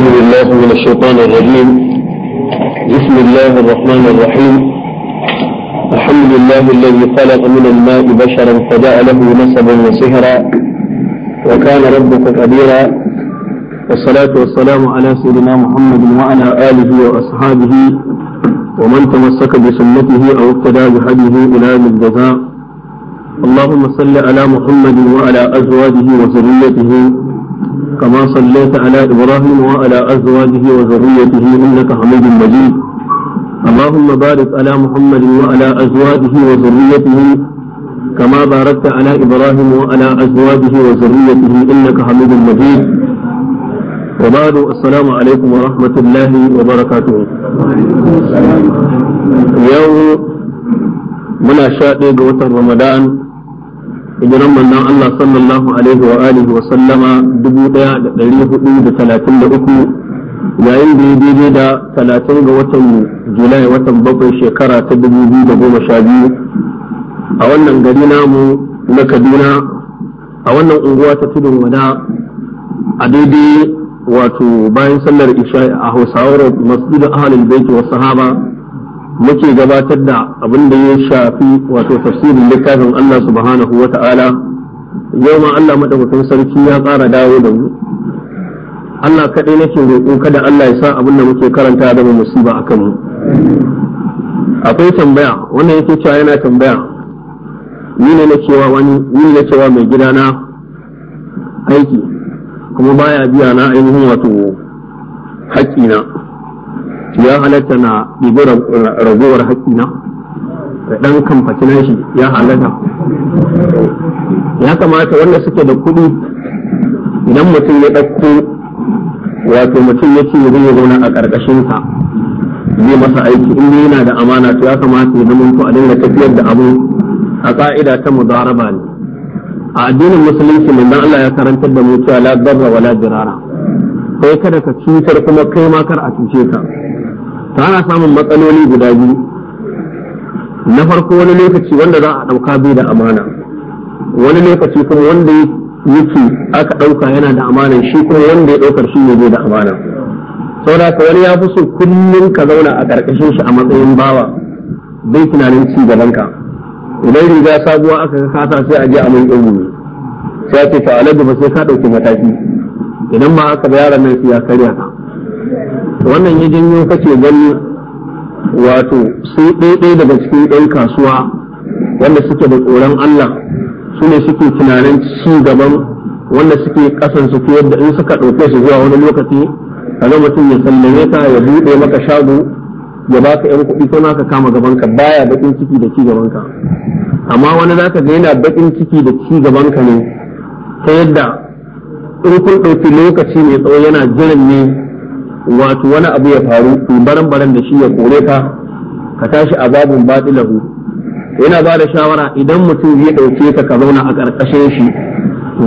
أعوذ بالله من الشيطان الرجيم بسم الله الرحمن الرحيم الحمد لله الذي خلق من الماء بشرا فدعا له نسبا وسهرا وكان ربك قديرا والصلاة والسلام على سيدنا محمد وعلى آله وأصحابه ومن تمسك بسنته أو اقتدى بهديه إلى الجزاء اللهم صل على محمد وعلى أزواجه وذريته كما صليت على إبراهيم وعلى أزواجه وذريته إنك حميد مجيد اللهم بارك على محمد وعلى أزواجه وذريته كما باركت على إبراهيم وعلى أزواجه وذريته إنك حميد مجيد وبعد السلام عليكم ورحمة الله وبركاته يوم من شاء رمضان hijiran manzon Allah sallallahu alaihi wa alihi wa sallama 1433 yayin da ya daidai da talatin ga watan julai watan bakwai shekara ta dubu biyu a wannan gari namu na kaduna a wannan unguwa ta tudun wada a daidai wato bayan sallar isha a hausawar masjidin ahalin baiti wa sahaba muke gabatar da abin da ya shafi wato tafsirin littafin Allah subhanahu wa ta'ala yau ma Allah madaukakin sarki ya ƙara dawo da mu Allah kaɗai nake roƙo kada Allah ya sa abin da muke karanta da mu musiba akan mu akwai tambaya wannan yake cewa yana tambaya ni ne na cewa wani ni na cewa mai gida na aiki kuma baya biya na ainihin wato haƙƙina ya halatta na ɗibi ragowar haƙƙina da ɗan kamfaci shi ya halatta ya kamata wanda suke da kuɗi idan mutum ya ɗauko wato mutum ya ce zai zauna a ƙarƙashinsa zai masa aiki in yana da amana to ya kamata ya zama to a dinga tafiyar da abu a ƙa'ida ta mudaraba ne a addinin musulunci manzon Allah ya karantar da mu cewa la darra wala dirara sai kada ka cutar kuma kai ma kar a cuce ka ta ana samun matsaloli guda biyu na farko wani lokaci wanda za a ɗauka bai da amana wani lokaci kuma wanda yake aka ɗauka yana da amana shi kuma wanda ya ɗaukar shi ne bai da amana saboda ka wani ya fi so kullum ka zauna a ƙarƙashin shi a matsayin bawa bai tunanin ci gaban ka idan riga sabuwa aka kasa sai a je a mun ilimi sai a ce ba sai ka ɗauki mataki idan ma aka bayar yaran nan ya karya ka wannan ya janyo kake gani wato sai ɗaiɗai daga cikin ɗan kasuwa wanda suke da tsoron Allah su ne suke tunanin ci gaban wanda suke kasan su yadda in suka ɗauke su zuwa wani lokaci kaga mutum ya sallame ka ya buɗe maka shago ya baka yan kuɗi ko naka kama gabanka baya bakin ciki da ci ka amma wani zaka ga yana bakin ciki da ci ka ne ta yadda in kun ɗauki lokaci mai tsawo yana jiran ne wato wani abu ya faru ku baran baran da shi ya kore ka ka tashi a baɗi batilahu yana ba da shawara idan mutum zai ɗauke ka ka zauna a ƙarƙashin shi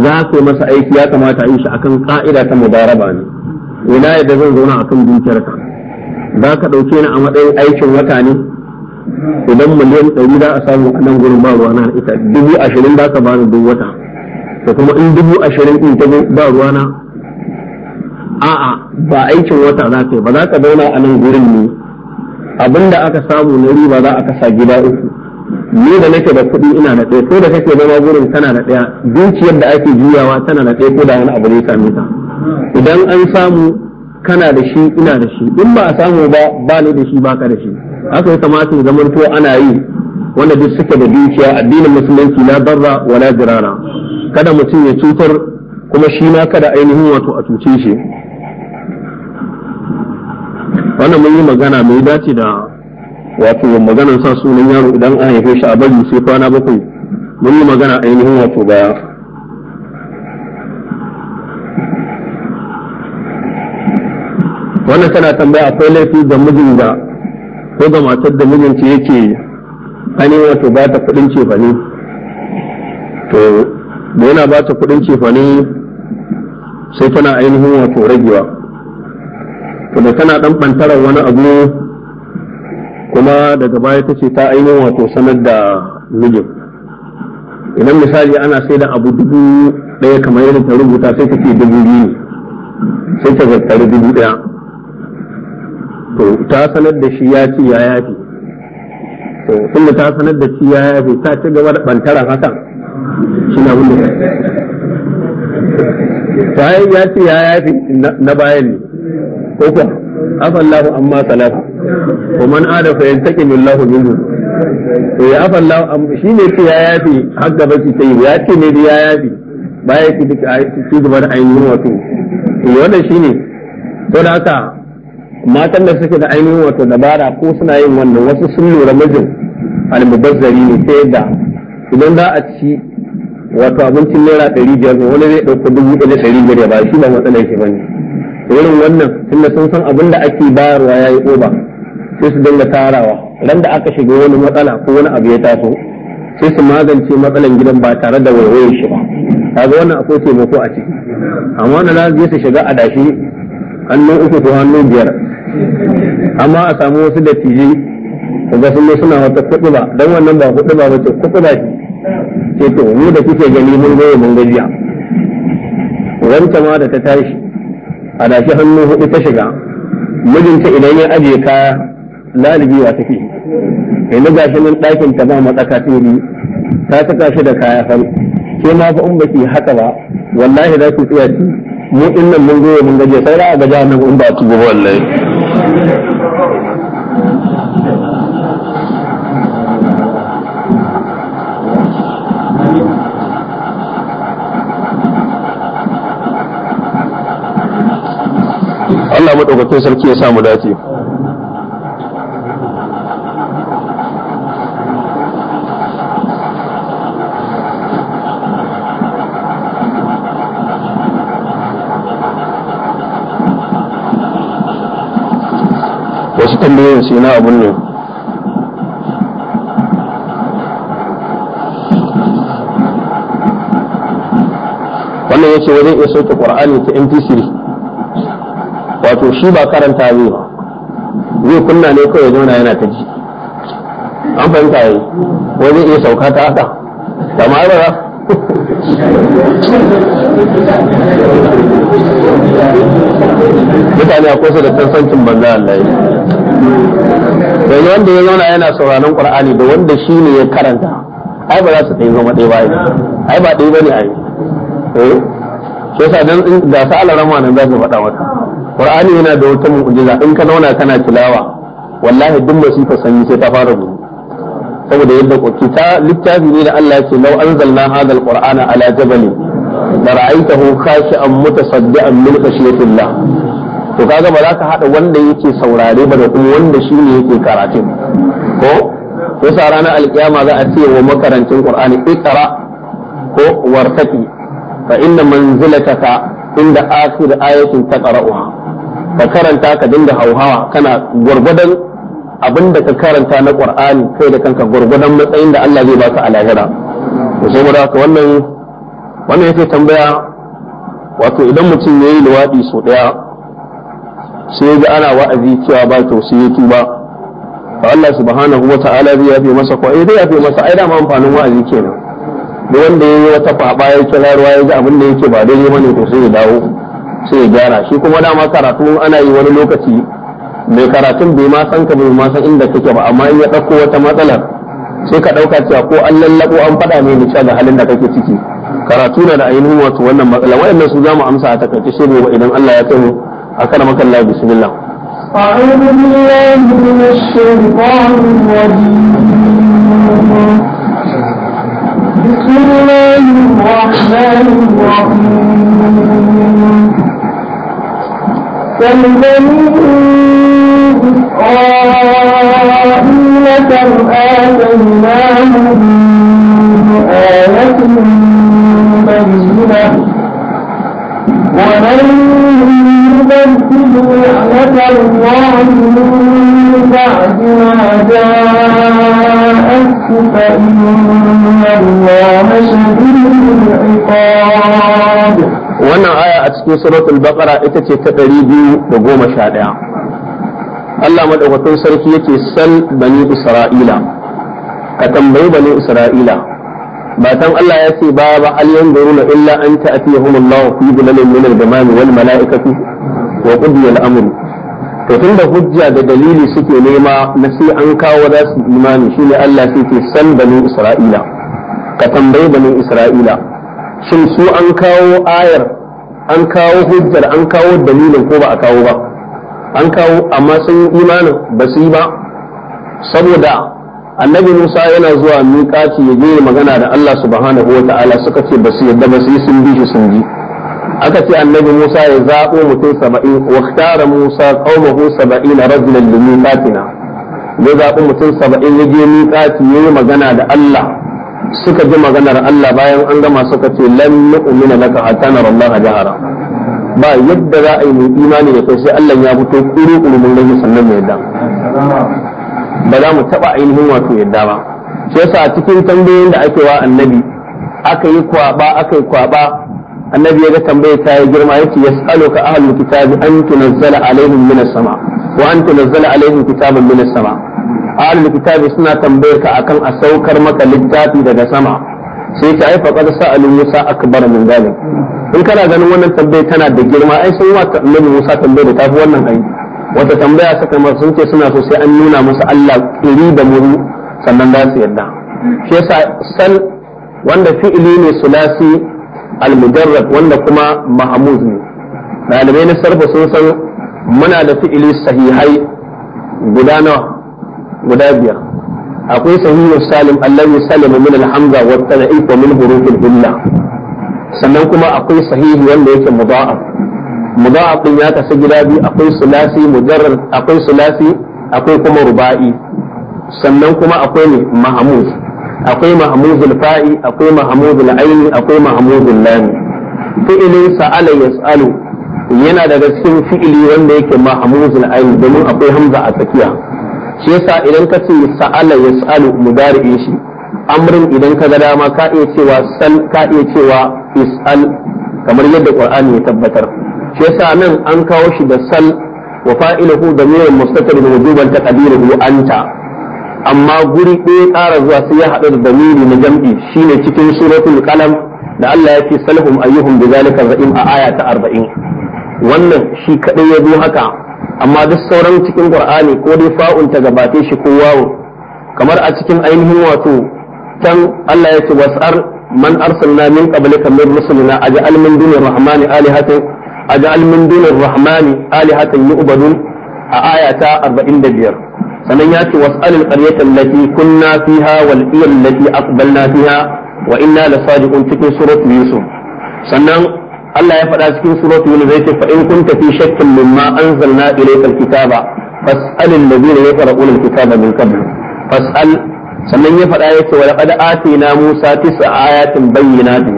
za ku masa aiki ya kamata a yi shi akan ƙa'ida ta Mubaraba ne ina yadda zan zauna akan dukiyarka za ka ɗauke ni a matsayin aikin wata ne idan miliyan ɗari za a samu a nan gurin ba ruwa na ita dubu ashirin za ka bani duk wata da kuma in dubu ashirin in ta ba ruwana a'a ba aikin wata za ka yi ba za ka zauna a nan gurin ne abinda aka samu na riba za a kasa gida uku ni da nake da kuɗi ina da ɗaya ko da kake zama gurin tana da ɗaya dukiyar da ake juyawa tana da ɗaya ko da wani abu ne same ta idan an samu kana da shi ina da shi in ba a samu ba ba ni da shi ba ka da shi haka ya kamata zaman to ana yi wanda duk suke da dukiya addinin musulunci na barra wa na jirana kada mutum ya cutar kuma shi ma kada ainihin wato a cuce shi wannan mun yi magana mai dace da wato maganar sa sunan yaro idan an haife shi a bari sai kwana bakwai mun yi magana ainihin wato baya wannan tana tambaya akwai laifi ga mijin da ko ga matar da mijinta yake ne wato ba ta kuɗin cefane to da yana ba ta cefane sai tana ainihin wato ragewa to da tana ɗan bantarar wani abu kuma daga baya ta ce ta ainihin wato sanar da mijin idan misali ana sai da abu dubu ɗaya kamar yadda ta rubuta sai ta ce dubu biyu ne sai ta zartar dubu ɗaya to ta sanar da shi ya ce ya yafi to tunda ta sanar da shi ya yafe ta ci gaba da bantara hakan shi na wanda bayan ya ce ya yafi na bayan ne ko kuwa afallahu amma salafa wa man ada fa yantaqim billahu minhu to ya afallahu Allahu shi ne ce ya yafi har gaba shi sai ya ce ne ya yafi. baya ki duka ci gaba da ainihin wato to wannan shine to da haka matan da suke da ainihin wato dabara ko suna yin wannan wasu sun lura mijin almubazzari ne ta yadda idan za a ci wato abincin naira ɗari biyar ko wani zai ɗauko dubu ɗaya ɗari biyar ya ba shi ba matsalar ba ne irin wannan tunda sun san abin da ake bayarwa ya yi oba sai su dinga tarawa ran da aka shiga wani matsala ko wani abu ya taso sai su magance matsalan gidan ba tare da wayoyin shi ba kaga wannan akwai taimako a ciki amma wanda za su je su shiga hannun uku ko hannu biyar amma a samu wasu da tije ga sun suna wata kuɗi ba don wannan ba kuɗi ba wace kuɗi ba shi. ce to mu da kuke gani mun goye mun gajiya wanta ma da ta tashi a dashi hannu hudu ta shiga mijinta idan ya ajiye kaya lalibi wa take na gashi nan ɗakin ta ba matsaka ta biyu ta saka shi da kaya fari ke ma fa in baki haka ba wallahi za ku tsaya ci mu in nan mun goye mun gaje sai da ga nan in ba tuba wallahi Allah madaukakin sarki ya samu dace wasu tambayoyin sai na abun ne wannan yake wajen ya sauke ƙwar'ani ta mp3 wato shi ba karanta zai ba zai kunna ne kawai zauna yana ta ji an fahimta yi wajen iya sauka ta haka kamar ba mutane a kusa da tansancin banza Allah yi yanzu wanda ya zauna yana sauraron qur'ani da wanda shi ne ya karanta ai ba za su ɗaya zama ɗaya ba ai ba ɗaya bane ai eh sai sa dan da sa alaran ma nan za su faɗa maka qur'ani yana da wata mu'jiza in ka zauna kana tilawa wallahi duk masifa sanyi sai ta fara gudu saboda yadda kita littafi ne da Allah ya ce law anzalna hadha alqur'ana ala jabalin la ra'aytahu khashi'an mutasaddian min khashyatillah to kaga ba za ka haɗa wanda yake saurare ba da kuma wanda shi ne yake karatun ko sa ranar alkiyama za a ce wa makarantin qur'ani iqra ko wartaki fa inna manzilataka inda akhir ayatin taqra'uha ka karanta ka dinga hauhawa kana gwargwadon abinda ka karanta na qur'ani kai da kanka gwargwadon matsayin da Allah zai baka a lahira to saboda ka wannan wannan yake tambaya wato idan mutum yayi luwadi so daya sai ya ga ana wa'azi cewa ba kyau sai ya tuba fa Allah subhanahu wa ta'ala zai fi masa ko eh ya fi masa ai da ma amfanin wa'azi kenan da wanda ya yi wata faɓa ya kira ruwa ya ga abin da yake ba dai ne to sai ya dawo sai ya gyara shi kuma da ma karatu ana yi wani lokaci mai karatun bai ma san ka bai ma san inda kake ba amma in ya ɗauko wata matsalar sai ka ɗauka cewa ko an lallabo an faɗa ne ni ga halin da kake ciki karatu na da ainihin wato wannan matsala waɗannan su za mu amsa a takaice ba idan Allah ya kai أكرمك الله بسم الله أعوذ بالله من الشيطان الرجيم بسم الله الرحمن الرحيم فالبني إسرائيل كم آتيناهم آية ومن يبدل نعمة الله من بعد ما جاءته فإن الله شديد العقاب wannan aya a cikin suratul baqara ita ce ta ɗari biyu da goma sha ɗaya Allah madaukakin sarki yake sal bani isra'ila ka tambayi bani isra'ila ba Allah ya ce ba ba hal yanzuruna illa an ta'tiyahum Allah fi dhulalin min al-ghamam wal mala'ikati wa qudiya al-amr to tunda hujja da dalili suke nema na sai an kawo za su imani shine Allah sai ce san bani Isra'ila ka tambayi bani Isra'ila shin su an kawo ayar an kawo hujjar an kawo dalilin ko ba a kawo ba an kawo amma sun imanin ba su yi ba saboda annabi Musa yana zuwa miƙaci ya je magana da Allah subhanahu wata'ala suka ce ba su yadda ba sun bi shi sun bi aka ce annabi Musa ya zaɓo mutum saba'in wa tara Musa saba'in saba'ina rajulan da miqatina ya zaɓo mutum saba'in ya je miƙati ya yi magana da Allah suka ji maganar Allah bayan an gama suka ce lan nu'mina laka hatta nara Allah jahara ba yadda za a yi mu imani da kai sai Allah ya fito kuru kuru mun sannan mai yadda ba za mu taɓa ainihin wato yadda ba shi yasa a cikin tambayoyin da ake wa annabi aka yi kwaba aka yi kwaba annabi ya ga tambayar ta yi girma yace yas'aluka ahlul kitabi an tunazzala alaihim minas sama wa an tunazzala alaihim kitabun minas sama ahlul kitabi suna tambayar ka akan a saukar maka littafi daga sama sai ta aifa qad sa'alu musa akbar min dalil in kana ganin wannan tambayar tana da girma ai sun wa annabi musa tambayar da tafi wannan aiki wata tambaya suka kamar sun ce suna so sai an nuna musu Allah kiri da muri sannan za su yarda shi yasa sal wanda fi'ili ne sulasi al-mujarrad wanda kuma mahmuz ne ɗalibai na sarfa sun san muna da fi'ili sahihai guda nawa guda biyar akwai sahihu salim allazi salima min al-hamza wa tanaif wa min huruf illa sannan kuma akwai sahihi wanda yake mudha'af mudaf din ya kasu gida biyu akwai sulasi mujarrad akwai sulasi akwai kuma ruba'i sannan kuma akwai ne mahmud akwai mahmudul fa'i akwai mahmudul aini akwai mahmudul lami fi'ilin sa'ala yas'alu yana daga cikin fi'ili wanda yake mahmudul aini domin akwai hamza a tsakiya shi yasa idan ka ce sa'ala yas'alu mudari'in shi amrin idan ka ga dama ka iya cewa sal ka iya cewa is'al kamar yadda qur'ani ya tabbatar shi yasa nan an kawo shi da sal wa fa'iluhu da mirin mustatir da wujuban taqdiruhu anta amma guri ɗaya ƙara zuwa sai ya haɗu da damiri na jam'i shine cikin suratul qalam da Allah ya ce salhum ayyuhum bidhalika za'im a aya ta 40 wannan shi kadai ya zo haka amma duk sauran cikin qur'ani ko dai fa'un ta gabate shi ko wawo kamar a cikin ainihin wato can Allah ya ce was'ar man arsalna min qablika min rusulina aj'al min dunir rahmani alihatan أجعل من دون الرحمن آلهة يؤبدون آية 45 sannan ya ce was'al al-qaryata allati kunna fiha wal iyal allati aqbalna fiha wa inna la sadiqun cikin surat yusuf sannan Allah ya faɗa cikin surat yunus zai ce fa in kunta fi shakkin mimma anzalna ilayka al-kitaba fas'al alladhina yaqra'una al-kitaba min qabl fas'al sannan ya faɗa musa tis'a ayatin bayyinatin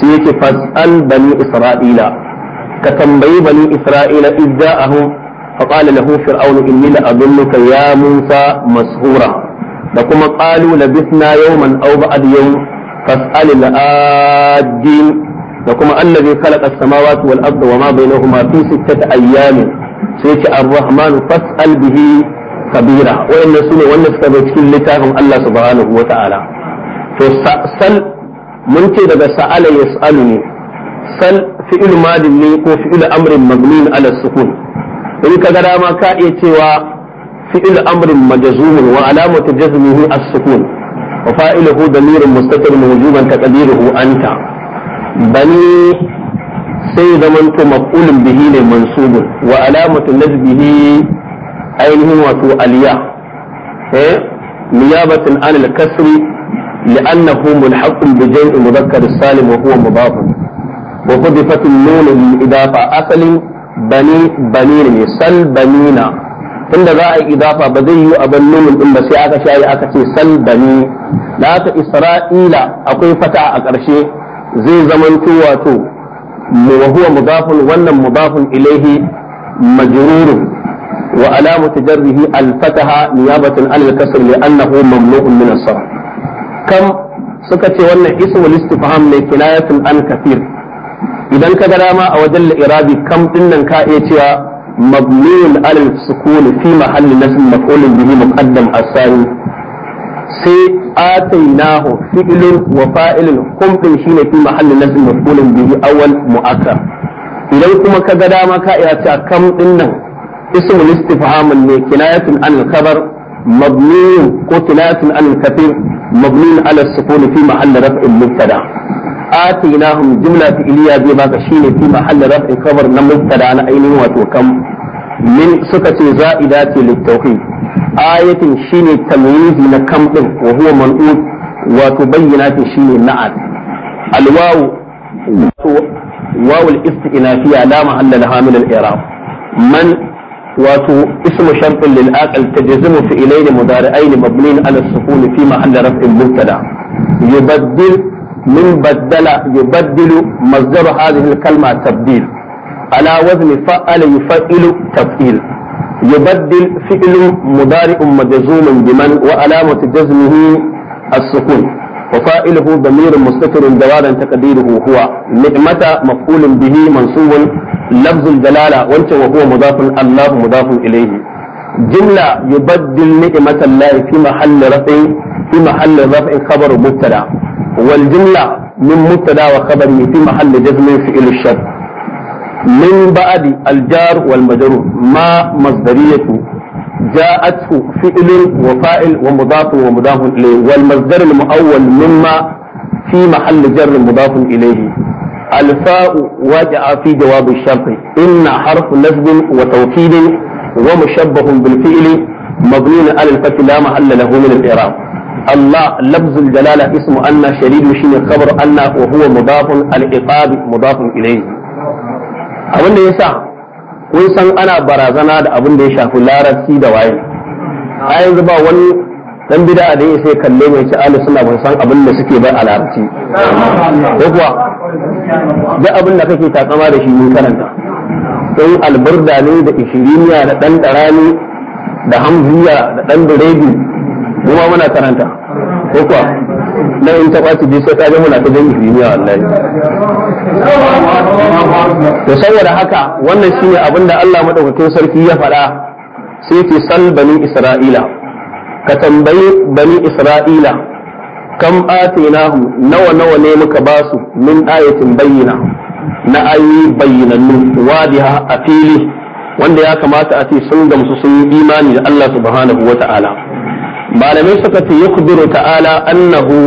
sai fas'al bani isra'ila ka tambayi bani isra'ila idda'ahum faqala lahu fir'aunu inni la adulluka ya musa mashura da kuma qalu labisna yawman aw ba'd yawm fas'al al-adin da kuma allazi khalaqa as-samawati wal arda wama bainahuma fi sittati ayyamin sai ce ar-rahman fas'al bihi kabira wayannan sune wanda suka bai cikin littafin Allah subhanahu wa ta'ala to sal mun ce daga sa'ala yas'alu ne sal fi'il madin ne ko fi'il amrin mabnin ala sukun in ka ga dama ka iya cewa fi'il amrin majzumun wa alamatu jazmihi as-sukun wa fa'iluhu damirun mustatir mawjuban taqdiruhu anta bani sai zamanto maf'ulun bihi ne mansubun wa alamatu nasbihi ainihin wato aliya eh niyabatan an al-kasri لأنه ملحق بجمع مذكر السالم وهو مضاف وحذفت النون Asalin أصل بني بنير سل بنينا tunda za a yi idafa ba zai yi abin nunin ɗin ba sai aka shayi aka ce sal bani da isra'ila akwai fata a ƙarshe zai zama wato mu huwa mudafun wannan mudafun ilaihi majruru wa alamu tajarrihi al-fataha niyabatan an al-kasr li annahu mamnu'un min kam suka ce wannan ismul istifham ne kinayatun an kafir idan ka ga dama a wajen irabi kam din nan ka iya cewa mabniyun alal sukuni fi mahalli nasb maf'ulun bihi muqaddam asani sai atainahu fi'lun wa fa'ilun kum din shine fi mahalli nasb maf'ulun bihi awwal mu'akkar idan kuma ka ga dama ka iya cewa kam din nan ismul istifham ne kinayatun anil khabar مبني قتلات عن الكثير مبني على السكون في محل رفع المبتدا atinahum jumla fi'liya zai baka shine fi mahall raf'in khabar na mubtada na ainihin wato kam min suka ce za'ida ce littauhid ayatin shine tamyizi na kam din wa huwa man'ut wato bayyana ce shine na'at alwawu wawu al-istinafiya la mahalla laha min al-i'rab man wato ismu shartin lil aqal tajzimu fi'layn mudari'ayn mabniin ala as-sukun fi mahall raf'in mubtada yubaddil من بدل يبدل مصدر هذه الكلمة تبديل على وزن فعل يفعل تفعيل يبدل فعل مضارع مجزوم بمن وعلامة جزمه السكون وفاعله ضمير مستتر جوارا تقديره هو نعمة مفعول به منصوب لفظ الجلالة وانت وهو مضاف الله مضاف إليه جملة يبدل نعمة الله في محل رفع في محل رفع خبر مبتدا والجملة من مبتدا وخبره في محل جزم فعل الشر من بعد الجار والمجرور ما مصدريته جاءته فعل وفاعل ومضاف ومضاف إليه والمصدر المؤول مما في محل جر مضاف إليه الفاء وجع في جواب الشرط إن حرف نسب وتوكيد ومشبه بالفعل مبني على الفتح لا محل له من الإعراب الله لفظ الجلالة اسم أن شديد Kabar خبر أن وهو مضاف العقاب مضاف إليه abin da yasa kun san ana barazana da abin da ya shafi larabci da waye a yanzu ba wani dan bid'a da ya sai kalle mai ci ahlus sunna ban abin da suke bai a larabci ko kuwa abin da kake takama da shi mun karanta don alburda ne da ishiriniya da ɗan darani da hamziya da ɗan biredi mu ma muna karanta ko kuwa na in ta kwaci bi sai ta ga muna ta gani duniya wallahi to saboda haka wannan shine abin da Allah madaukakin sarki ya faɗa sai ce sal bani isra'ila ka tambayi bani isra'ila kam atinahum nawa nawa ne muka basu min ayatin bayyina na ayi bayyanannu wadiha a fili wanda ya kamata a ce sun gamsu sun yi imani da Allah subhanahu wa ta'ala malamai suka ce yukhbiru ta'ala annahu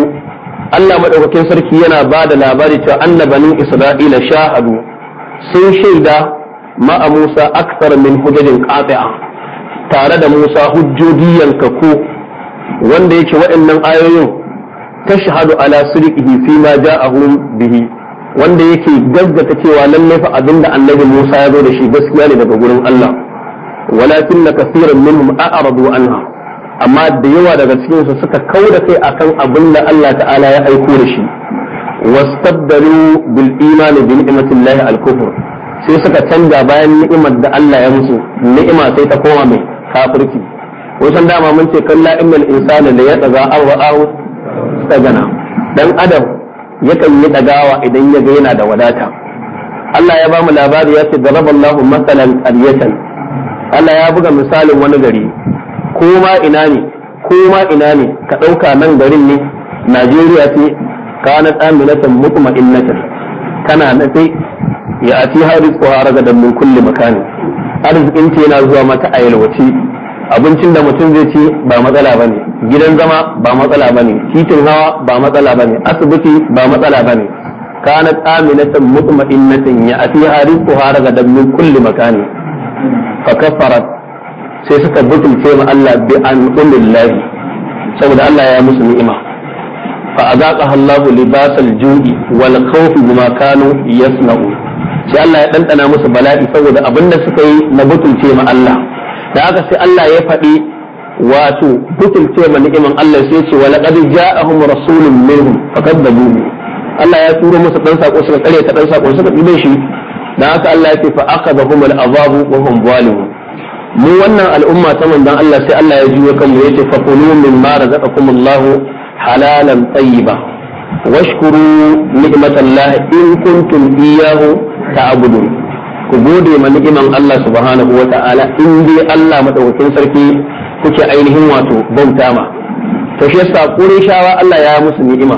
Allah madaukakin sarki yana ba da labari cewa annabanin Isra'ila shahadu sun shaida ma'a Musa akthar min hujajin qati'a tare da Musa hujjoji ko. wanda yake waɗannan ayoyin tashhadu ala sirqihi fi ma ja'ahum bihi wanda yake gaggata cewa lalle fa abinda annabi Musa ya zo da shi gaskiya ne daga gurin Allah walakin kathiran minhum a'radu anha amma da yawa daga cikin su suka kauda kai akan abin da Allah ta'ala ya aiko da shi wastabdalu bil iman bi ni'matillahi al kufur sai suka canja bayan ni'imar da Allah ya musu ni'ima sai ta koma mai kafirci wasan dama mun ce kalla innal insana la yadaga aw ra'ahu tagana dan adam yakan yi dagawa idan ya ga yana da wadata Allah ya bamu labari ya ce daraballahu masalan qaryatan Allah ya buga misalin wani gari ko ma ina ne kuma ina ne ka ɗauka nan garin ne najeriya ce kana tsaminatan mutuma innatan tana na sai ya ati haris ko haraga ga min kulli makani arzikin ce yana zuwa mata a yalwaci abincin da mutum zai ci ba matsala bane gidan zama ba matsala bane titin hawa ba matsala bane asibiti ba matsala bane kanat aminatan mutma'innatan ya ati haris ko haraga ga min kulli makani fa kafarat sai suka butulce ma Allah bi an ulillahi saboda Allah ya musu ni'ima fa azaqaha Allah libasal ju'i wal khawf bima kanu yasna'u sai Allah ya dandana musu bala'i saboda abinda suka yi na butulce ma Allah da haka sai Allah ya faɗi wato butulce ma ni'iman Allah sai ce wala laqad ja'ahum rasulun minhum fakadabu Allah ya turo musu dan sako suka kare ta dan sako suka dibe shi da aka Allah ya ce fa aqadahum al-azabu wa hum zalimun mu wannan al'umma ta manzon Allah sai Allah ya juyo kan mu yace fakulu mimma razaqakumullahu halalan tayyiba washkuru ni'matallahi in kuntum iyyahu ta'budun ku gode ma ni'iman Allah subhanahu wa ta'ala in dai Allah madaukakin sarki kuke ainihin wato bauta ma to shi yasa shawa Allah ya musu ni'ima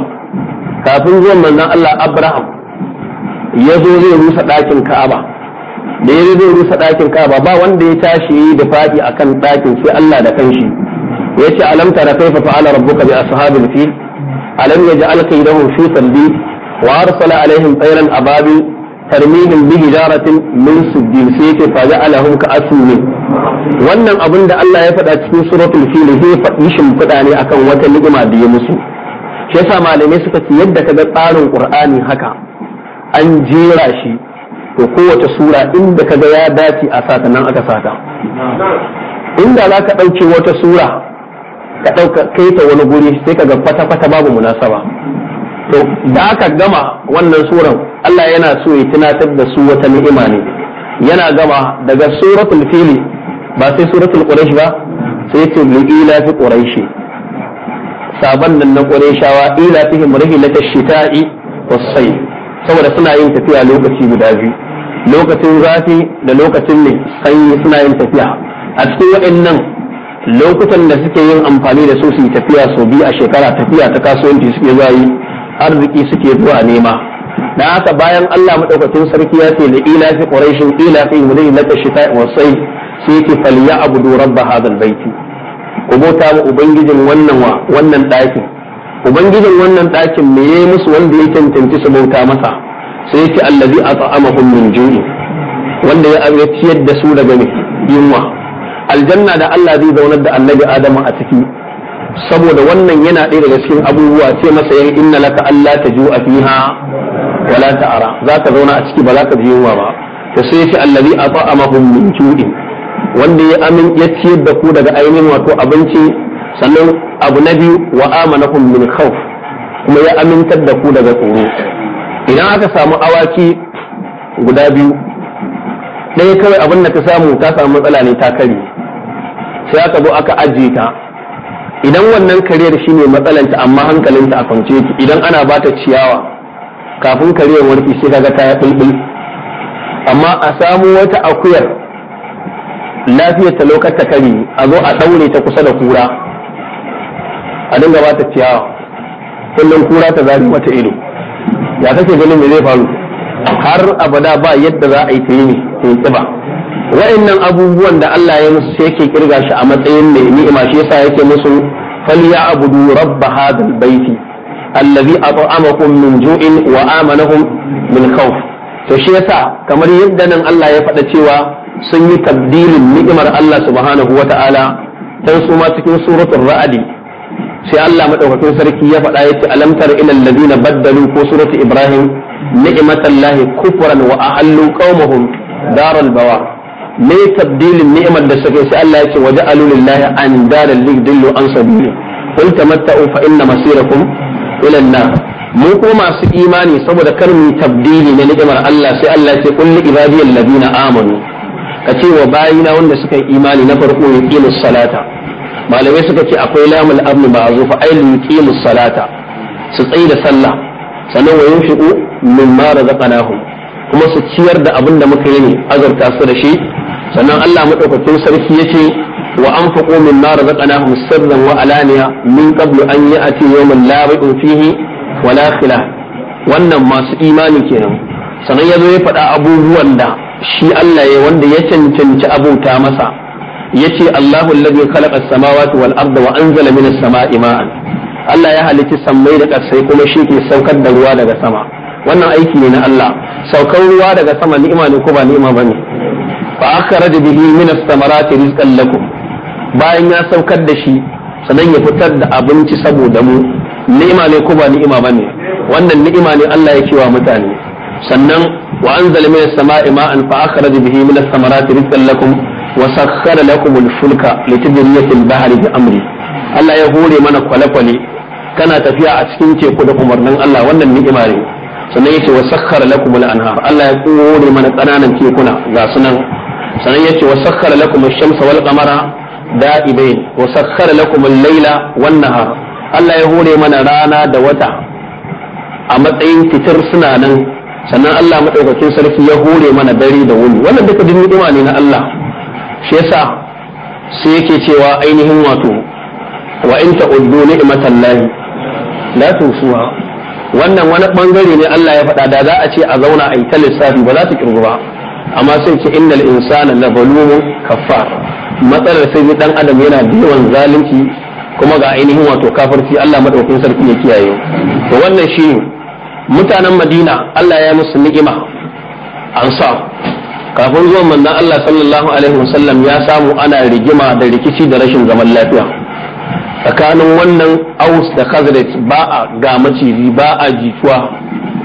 kafin zuwan manzon Allah Abraham ya zo zai rusa ɗakin Ka'aba da ya zai rusa ɗakin kaba ba wanda ya tashi yi da faɗi akan ɗakin sai Allah da kanshi ya ce alam tara kaifa fa'ala rabbuka bi ashabil fil alam yaj'al kaydahum fi tadlil wa arsala alaihim tayran ababil tarmihim bi hijaratin min sujjil sai yake faja'alahum ka asmi wannan abin da Allah ya faɗa cikin suratul fil zai faɗi shimfiɗa ne akan wata ni'ima da ya musu shi yasa malamai suka ce yadda kaga tsarin qur'ani haka an jera shi to kowace sura inda kaga ya dace a sata nan aka sata inda za ka ɗauke wata sura ka ɗauka kai ta wani guri sai ka ga kwata-kwata babu munasaba to da aka gama wannan suran Allah yana so ya tunatar da su wata ni'ima ne yana gama daga suratul fili ba sai suratul quraish ba sai ce li ila fi quraish saban nan na qurayshawa ila fihim rihlatash shita'i was-sayf saboda suna yin tafiya lokaci guda biyu lokacin zafi da lokacin ne sanyi suna yin tafiya a cikin waɗannan lokutan da suke yin amfani da su su tafiya sau biyu a shekara tafiya ta kasuwanci suke zuwa yi arziki suke zuwa nema da haka bayan Allah madaukakin sarki ya ce ila fi quraishin ila fi mulai laka shita wa sai sai ki falya abudu rabb hadal baiti ubota ubangijin wannan wa wannan ɗakin. ubangijin wannan ɗakin me ya musu wanda ya cancanci su bauta masa sai yace allazi at'amahum min ju'i wanda ya ciyar da su daga yunwa aljanna da Allah zai zaunar da annabi Adamu a ciki saboda wannan yana ɗaya daga cikin abubuwa sai masa yan inna laka Allah ta ju'a fiha wala ta'ara za ka zauna a ciki ba za ka ji yunwa ba to sai yace allazi at'amahum min ju'i wanda ya amin ya ciyar da ku daga ainihin wato abinci sannan abu na biyu wa amanakum min khawf kuma ya amintar da ku daga tsoro idan aka samu awaki guda biyu ɗaya kawai abin da ta samu ta samu matsala ne ta kare sai aka zo aka ajiye ta idan wannan kariyar shi ne matsalanta amma hankalinta a kwance ki idan ana ba ta ciyawa kafin kariyar warki sai kaga ta ya bulbul amma a samu wata akuyar lafiyar ta lokacin ta kare a zo a ɗaure ta kusa da kura a dinga gabata, ciyawa kullum kura ta zari mata ido ya kake ganin me zai faru har abada ba yadda za a yi ta yi ne ta yi kiba wa'annan abubuwan da Allah ya musu sai yake kirga shi a matsayin mai ni'ima shi yasa yake musu falyabudu rabb hadal baiti allazi at'amahum min ju'in wa amanahum min khawf to shi yasa kamar yadda nan Allah ya faɗa cewa sun yi tabdilin ni'imar Allah subhanahu wata'ala dan su ma cikin suratul ra'adi sai Allah madaukakin sarki ya faɗa yace alam tar ilal ladina baddalu ko surati ibrahim ni'matallahi kufran wa ahallu qaumahum daral bawa me tabdilin ni'mar da suke sai Allah yace waja'alu lillahi andalan lidillu an sabili qul tamatta'u fa inna masirakum ila an-nar mu ko masu imani saboda kar mu tabdili na ni'imar Allah sai Allah yace qul li ibadiyal ladina amanu ce wa bayina wanda suka yi imani na farko yaqimus salata malamai suka ce akwai lamul amni ma'azufa ay yuqimus salata su tsayi da sallah sannan wa yunfiqu mimma razaqnahum kuma su ciyar da abin da muka yi ne azurta su da shi sannan Allah madaukakin sarki yace wa anfaqu mimma razaqnahum sirran wa alaniya min qablu an ya'ti yawman la fihi wala khilaf wannan masu imani kenan sannan yazo ya faɗa abubuwan da shi Allah ya wanda ya cancanci abuta masa yace Allahu allazi khalaqa as-samawati wal arda wa anzala minas sama'i ma'an Allah ya halicci sammai da ƙasai kuma shi ke saukar da ruwa daga sama wannan aiki ne na Allah saukar ruwa daga sama ni'ima ne ko ba ni'ima bane fa akhraja bihi minas samarati rizqan lakum bayan ya saukar da shi sannan ya fitar da abinci saboda mu ni'ima ne ko ba ni'ima bane wannan ni'ima ne Allah ya wa mutane sannan wa anzala minas sama'i ma'an fa akhraja bihi minas samarati rizqan lakum wa sakhkhara lakum al-fulka litadriya fil bahri bi amri Allah ya hore mana kwale-kwale kana tafiya a cikin teku da umarnin Allah wannan ni'ima ne sannan yace wa lakum al-anhar Allah ya hore mana kananan tekuna ga sunan sannan yace wa lakum ash-shamsa wal qamara da'ibain wa lakum al-laila wan nahar Allah ya hore mana rana da wata a matsayin fitar suna nan sannan Allah madaukakin sarki ya hore mana dare da wuni wannan duka din ni'ima ne na Allah shi yasa sai yake cewa ainihin wato wa in ta'uddu ni'matan lahi la tusuha wannan wani bangare ne Allah ya faɗa da za a ce a zauna a yi ta lissafi ba za ta kirgu ba amma sai ce innal insana la zalumun kaffar matsalar sai dan adam yana da yawan zalunci kuma ga ainihin wato kafirci Allah madaukakin sarki ya kiyaye to wannan shi mutanen Madina Allah ya musu ni'ima ansar kafin zuwan manzon Allah sallallahu alaihi wasallam ya samu ana rigima da rikici da rashin zaman lafiya tsakanin wannan aus da khazraj ba a ga maciji ba a jituwa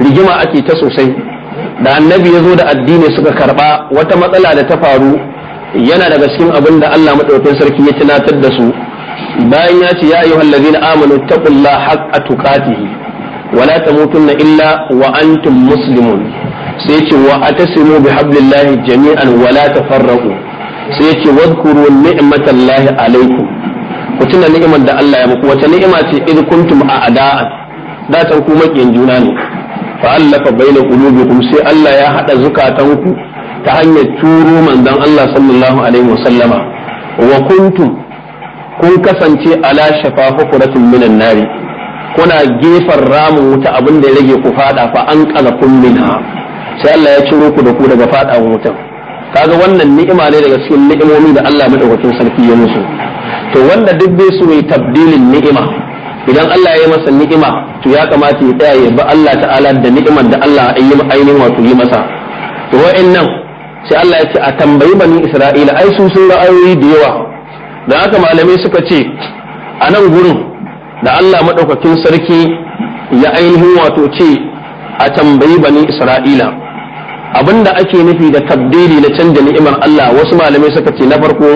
rigima ake ta sosai da annabi ya zo da addini suka karba wata matsala da ta faru yana daga cikin abin da Allah madaukakin sarki ya tunatar da su bayan ya ce ya ayyuhal ladina amanu taqullaha haqqa tuqatihi wa la tamutunna illa wa antum muslimun sai ce wa atasimu bi hablillahi jami'an wa la tafarraqu sai ce wadhkuru ni'matallahi alaykum ku tuna ni'imar da Allah ya muku wata ni'ima ce id kuntum ada'a? da tan ku makiyan juna ne fa allafa baina qulubikum sai Allah ya hada zukatanku ta hanyar turo manzon Allah sallallahu alaihi wasallama wa kuntum kun kasance ala shafa hukuratin minan nari kuna gefen ramin wuta abin da ya rage ku fada fa an kaza kun minha sai Allah ya ciro ku da ku daga faɗawan wutan kaga wannan ni'ima ne daga cikin ni'imomi da Allah madaukakin sarki ya musu to wanda duk bai su mai tabdilin ni'ima idan Allah ya yi masa ni'ima to ya kamata ya tsaya ya bi Allah ta'ala da ni'imar da Allah ya ainihin wato yi masa to wa'annan sai Allah ya ce a tambayi bani Isra'ila ai su sun ra'ayoyi da yawa da haka malamai suka ce a nan gurin da Allah madaukakin sarki ya ainihin wato ce a tambayi bani Isra'ila Abin da ake nufi da tabdili na canja ni'imar Allah wasu malamai suka ce na farko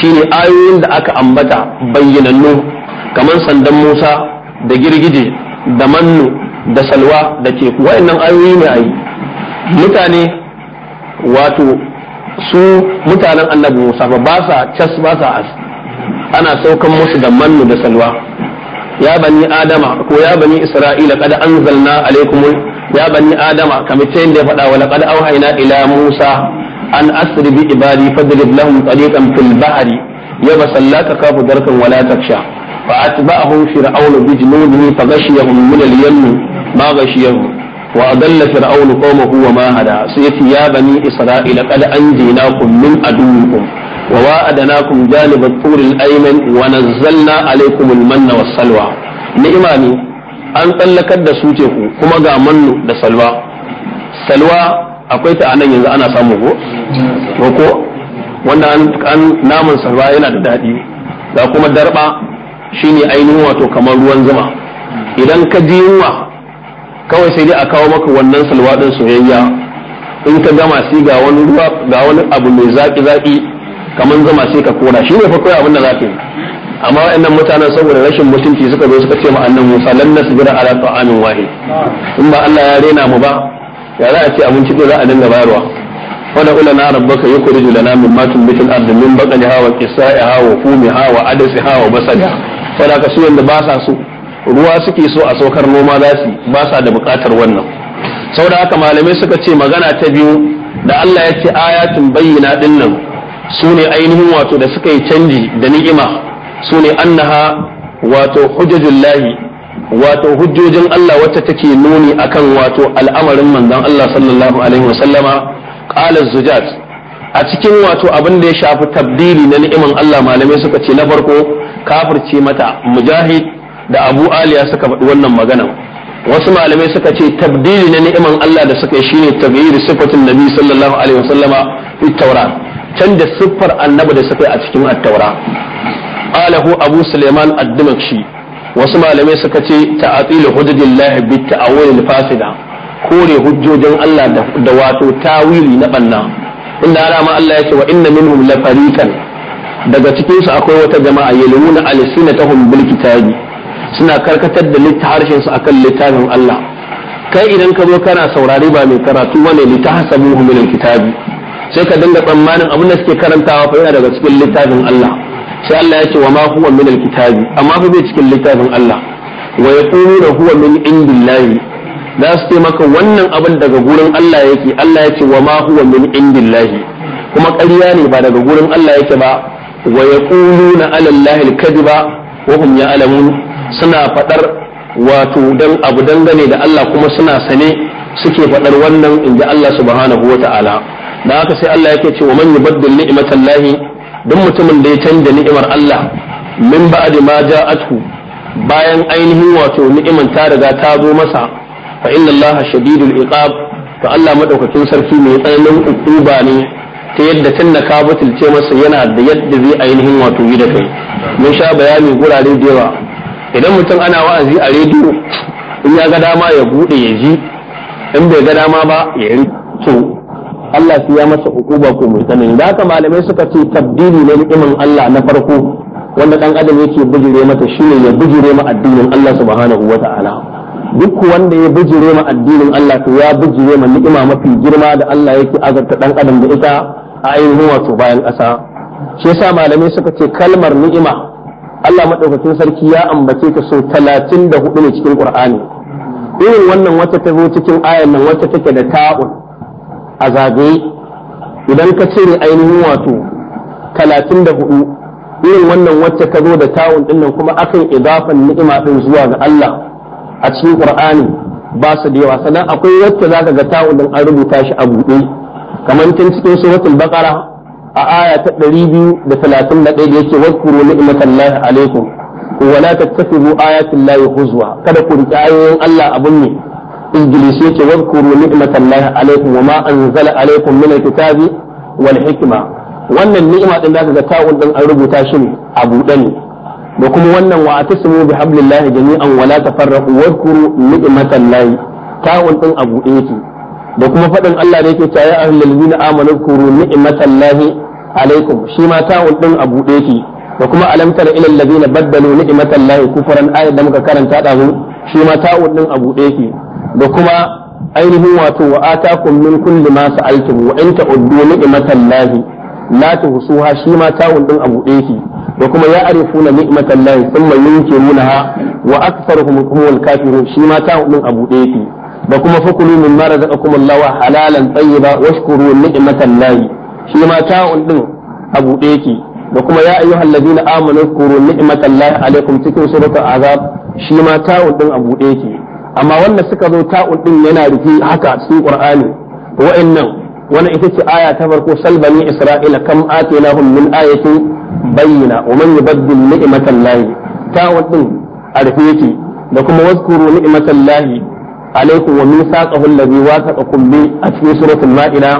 shine ayoyin da aka ambata bayyanannu kamar sandan Musa da girgije da mannu da salwa da teku wayannan ayoyi ne ayi mutane wato su mutanen annabi Musa ba sa cas ba sa as ana saukan musu da mannu da salwa ya bani adama ko ya bani isra'ila kada anzalna alaikumul ya bani adama kamar ta yadda faɗa wa laqad auhayna ila musa an asri bi ibadi fadrib lahum tariqan fil bahri yabasan la takafu darkan wala taksha fa atba'ahum fir'aun bi junudihi faghashiyahum min al-yamm ma ghashiyahum wa adalla fir'aun qawmahu wa ma hada sai ya bani isra'ila qad anjaynakum min aduwwikum wa wa'adnakum janibat turil ayman wa nazzalna alaykum al-manna was-salwa ni'ima ne an tsallakar da su teku kuma ga mannu da salwa salwa akwai ta anan yanzu ana samu ko to ko wanda an naman salwa yana da daɗi ga kuma darba shine ainihin wato kamar ruwan zuma idan ka ji yunwa kawai sai dai a kawo maka wannan salwa din soyayya in ka gama sai ga wani ruwa ga wani abu mai zaki zaki kamar zuma sai ka kora shine fa kawai abin da zaka yi amma waɗannan mutanen saboda rashin mutunci suka zo suka ce ma annan Musa lan nasbira ala amin wahid in ba Allah ya rena mu ba ya za a ce abinci da za a dinga bayarwa wala ula na rabbaka yukhrij lana mimma tunbitul ardu min baqliha wa qisaiha wa fumiha wa adasiha wa basali wala ka su yanda ba sa so ruwa suke so a saukar noma za su ba sa da bukatar wannan saboda haka malamai suka ce magana ta biyu da Allah ya ce ayatun bayyana dinnan su ne ainihin wato da suka yi canji da ni'ima sune annaha wato hujjajullahi wato hujjojin Allah wacce take nuni akan wato al'amarin manzon Allah sallallahu alaihi sallama qala zujat a cikin wato abin da ya shafi tabdili na ni'iman Allah malamai suka ce na farko kafirce mata mujahid da abu ya suka faɗi wannan magana wasu malamai suka ce tabdili na ni'iman Allah da suka yi shine tabdili sifatin nabi sallallahu alaihi sallama fi tawra canza siffar annabi da suka yi a cikin at-taura qalahu abu suleiman ad wasu malamai suka ce ta'atil hududillah bi ta'awil fasida kore hujjojin Allah da wato tawili na banna inda ana ma Allah ya ce wa inna minhum la fariqan daga cikin su akwai wata jama'a yaluna alsinatahum bil kitabi suna karkatar da littafin su akan littafin Allah kai idan ka zo kana saurari ba mai karatu wane litahsabuhu min kitabi sai ka dinga tsammanin abin da suke karantawa fa yana daga cikin littafin Allah sai Allah ya ce wa ma huwa min alkitabi amma fa bai cikin littafin Allah wa yaqulu huwa min indillahi za su ce maka wannan abin daga gurin Allah yake Allah ya ce wa ma huwa min indillahi kuma ƙarya ne ba daga gurin Allah yake ba wa yaquluna ala allahi alkadiba wa hum ya'lamun suna fadar wato dan abu dangane da Allah kuma suna sane suke fadar wannan inda Allah subhanahu wata'ala ta'ala da haka sai Allah yake ce wa man yubaddil ni'matallahi duk mutumin da ya canja ni'imar Allah min ba'd ma ja'athu bayan ainihin wato ni'iman ta riga ta zo masa fa inna Allah shadidul iqab to Allah madaukakin sarki mai tsananin ukuba ne ta yadda tun da ka butulce masa yana da yadda zai ainihin wato yi da kai mun sha bayani gurare da yawa idan mutum ana wa'azi a rediyo in ya ga dama ya bude ya ji in bai ga dama ba ya yi to Allah su ya masa ukuba ko mai tsanani da haka malamai suka ce tabdili na ni'imin Allah na farko wanda dan adam yake bijire mata shine ya bijire ma addinin Allah subhanahu wata'ala duk wanda ya bijire ma addinin Allah to ya bijire ma ni'ima mafi girma da Allah yake azarta dan adam da ita a ainihin wato bayan ƙasa shi yasa malamai suka ce kalmar ni'ima Allah madaukakin sarki ya ambace ta so 34 ne cikin Qur'ani irin wannan wacce ta zo cikin ayan nan wacce take da ta'un a zagaye idan ka cire ainihin wato talatin da hudu irin wannan wacce ka zo da tawun din nan kuma akan idafan ni'ima din zuwa ga Allah a cikin Qur'ani ba su da yawa sannan akwai wacce zaka ga tawun din an rubuta shi a buɗe kamar tun cikin suratul baqara a aya ta 231 da yake wakuru ni'matallahi alaikum wa la tattakhidhu ayati llahi huzwa kada ku riƙe ayoyin Allah abun ne ingilishi yake wadkuru ni'matallahi alaikum wa ma anzala alaikum min alkitabi wal hikma wannan ni'ima din da ga an rubuta shi ne a buɗe ne da kuma wannan wa atasmu bi hablillahi jami'an wa la tafarraqu wadkuru ni'matallahi ta'un din a buɗe yake da kuma faɗin Allah da yake cewa ya ahlul ladina amanu kuru ni'matallahi alaikum shi ma ta'un a buɗe yake da kuma alamtar ila alladhina da muka karanta da shi ma a buɗe yake da kuma ainihin wato wa atakum min kulli ma sa'altum wa in ta'uddu lahi, la tuhsuha shi ma tawun din abu dake da kuma ya arifuna ni'matallahi thumma yunkirunaha wa aktharuhum humul kafirun shi ma tawun din abu dake da kuma fakulu min ma razaqakum Allah halalan tayyiba washkuru ni'matallahi shi ma tawun din abu dake da kuma ya ayyuhal ladina amanu kuru lahi, alaikum cikin suratul azab shi ma tawun din abu dake amma wanda suka zo ta'ul din yana rufe haka cikin qur'ani wa'annan wani ita ce aya ta farko salbani isra'ila kam atinahum min ayatin bayyina wa man yubaddil ni'matan lahi ta'un din a rufe yake da kuma wazkuru ni'matan lahi alaikum wa saqahu alladhi wasaqakum bi a cikin suratul ma'ida